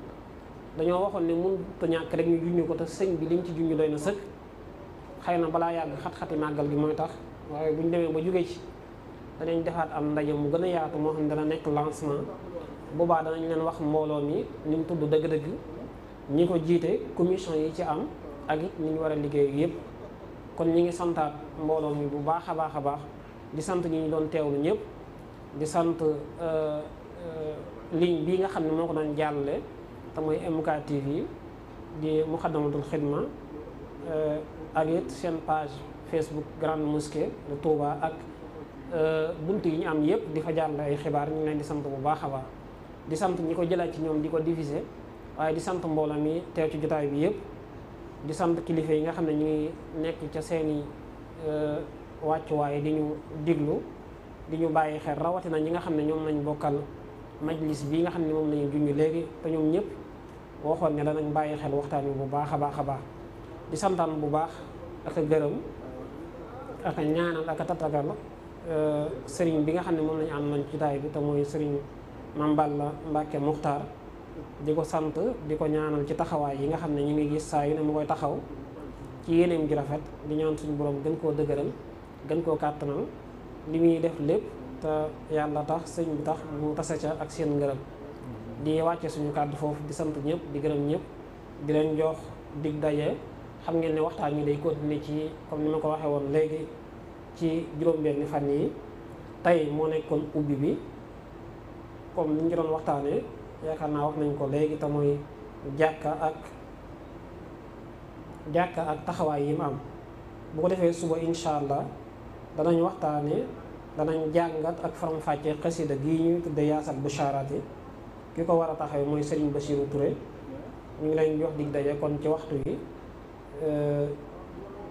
dañoo waxoon ne mun a ñàkk rek ñu junñu ko te sëñ bi lim ci junñu doy na sëkk xëy na balaa yàgg xat-xati màggal gi mooy tax waaye bu ñu demee ba jógee ci danañ defaat am ndaje mu gën a yaatu moo xam ne dana nekk lancement boobaa danañ leen wax mbooloo mi ni tudd dëgg-dëgg ñi ko jiite commission yi ci am ak it ñu war a liggéey yëpp kon ñi ngi santaat mbooloo mi bu baax a baax a baax di sant ñi ñu doon teewlu ñëpp di sant euh, euh, ligne bii nga xam ne moo ko doon jàllale te mooy MK TV di Muxaddamatul Xidma euh, ak it seen page Facebook grand Mosquée de Touba ak bunt yi ñu am yëpp di fa jàllale ay xibaar ñu leen di sant bu baax a baax di sant ñi ko jëlaat ci ñoom di ko diffuser waaye di sant mbooloo mi teew ci jotaay bi yëpp. di sant kilifa yi nga xam ne ñu ngi nekk ca seeni euh, wàccuwaay di ñu diglu di ñu bàyyi xel rawatina ñi nga xam ne ñoom lañ bokkal majlis bi nga xam ne moom lañu junj léegi te ñoom ñëpp waxoon ne danañ bàyyi xel waxtaan wi bu baax a baax a baax di santaan bu baax ak gërëm ak a ñaanal ak a euh, bi nga xam ne moom lañu am nañ ci taay bi te mooy sëriñ Mame Balla Mbacke Muxtaar di ko sant di ko ñaanal ci taxawaay yi nga xam ne ñu ngi gis saa yu ne mu koy taxaw ci yeneen ju rafet di ñaan suñu boroom gën koo dëgëral gën koo kàttanal li muy def lépp te yàlla tax sëñ bi tax mu tase ca ak seen ngërëm di wàcce suñu kàddu foofu di sant ñëpp di gërëm ñëpp di leen jox dig daje xam ngeen ne waxtaan yi day continuer ci comme ni ma ko waxee woon léegi ci juróom-benni fan yi tey moo nekkoon ubbi bi comme ni ñu doon waxtaanee. yaakaar naa wax nañ ko léegi te muy jàkka ak jàkka ak taxawaay yi mu bu ko defee suba incha allah danañ waxtaane danañ jàngat ak faram fàcce xasida gi ñuy tudde yaasal bushaaraat yi ki ko war a taxawee mooy Serigne Bassirou Touré ñu ngi leen jox dig daje kon ci waxtu yi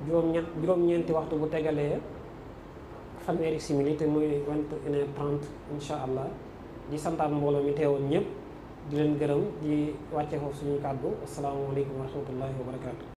juróom-ñett juróom-ñeenti waxtu bu tegalee fanweeri simili te muy vingt et une heure allah di santaan mbooloo mi teewoon ñëpp di leen gërëm di wàcce foofu suñu kàddu asalaamaaleykum wa rahmatullahi wa barakaatu.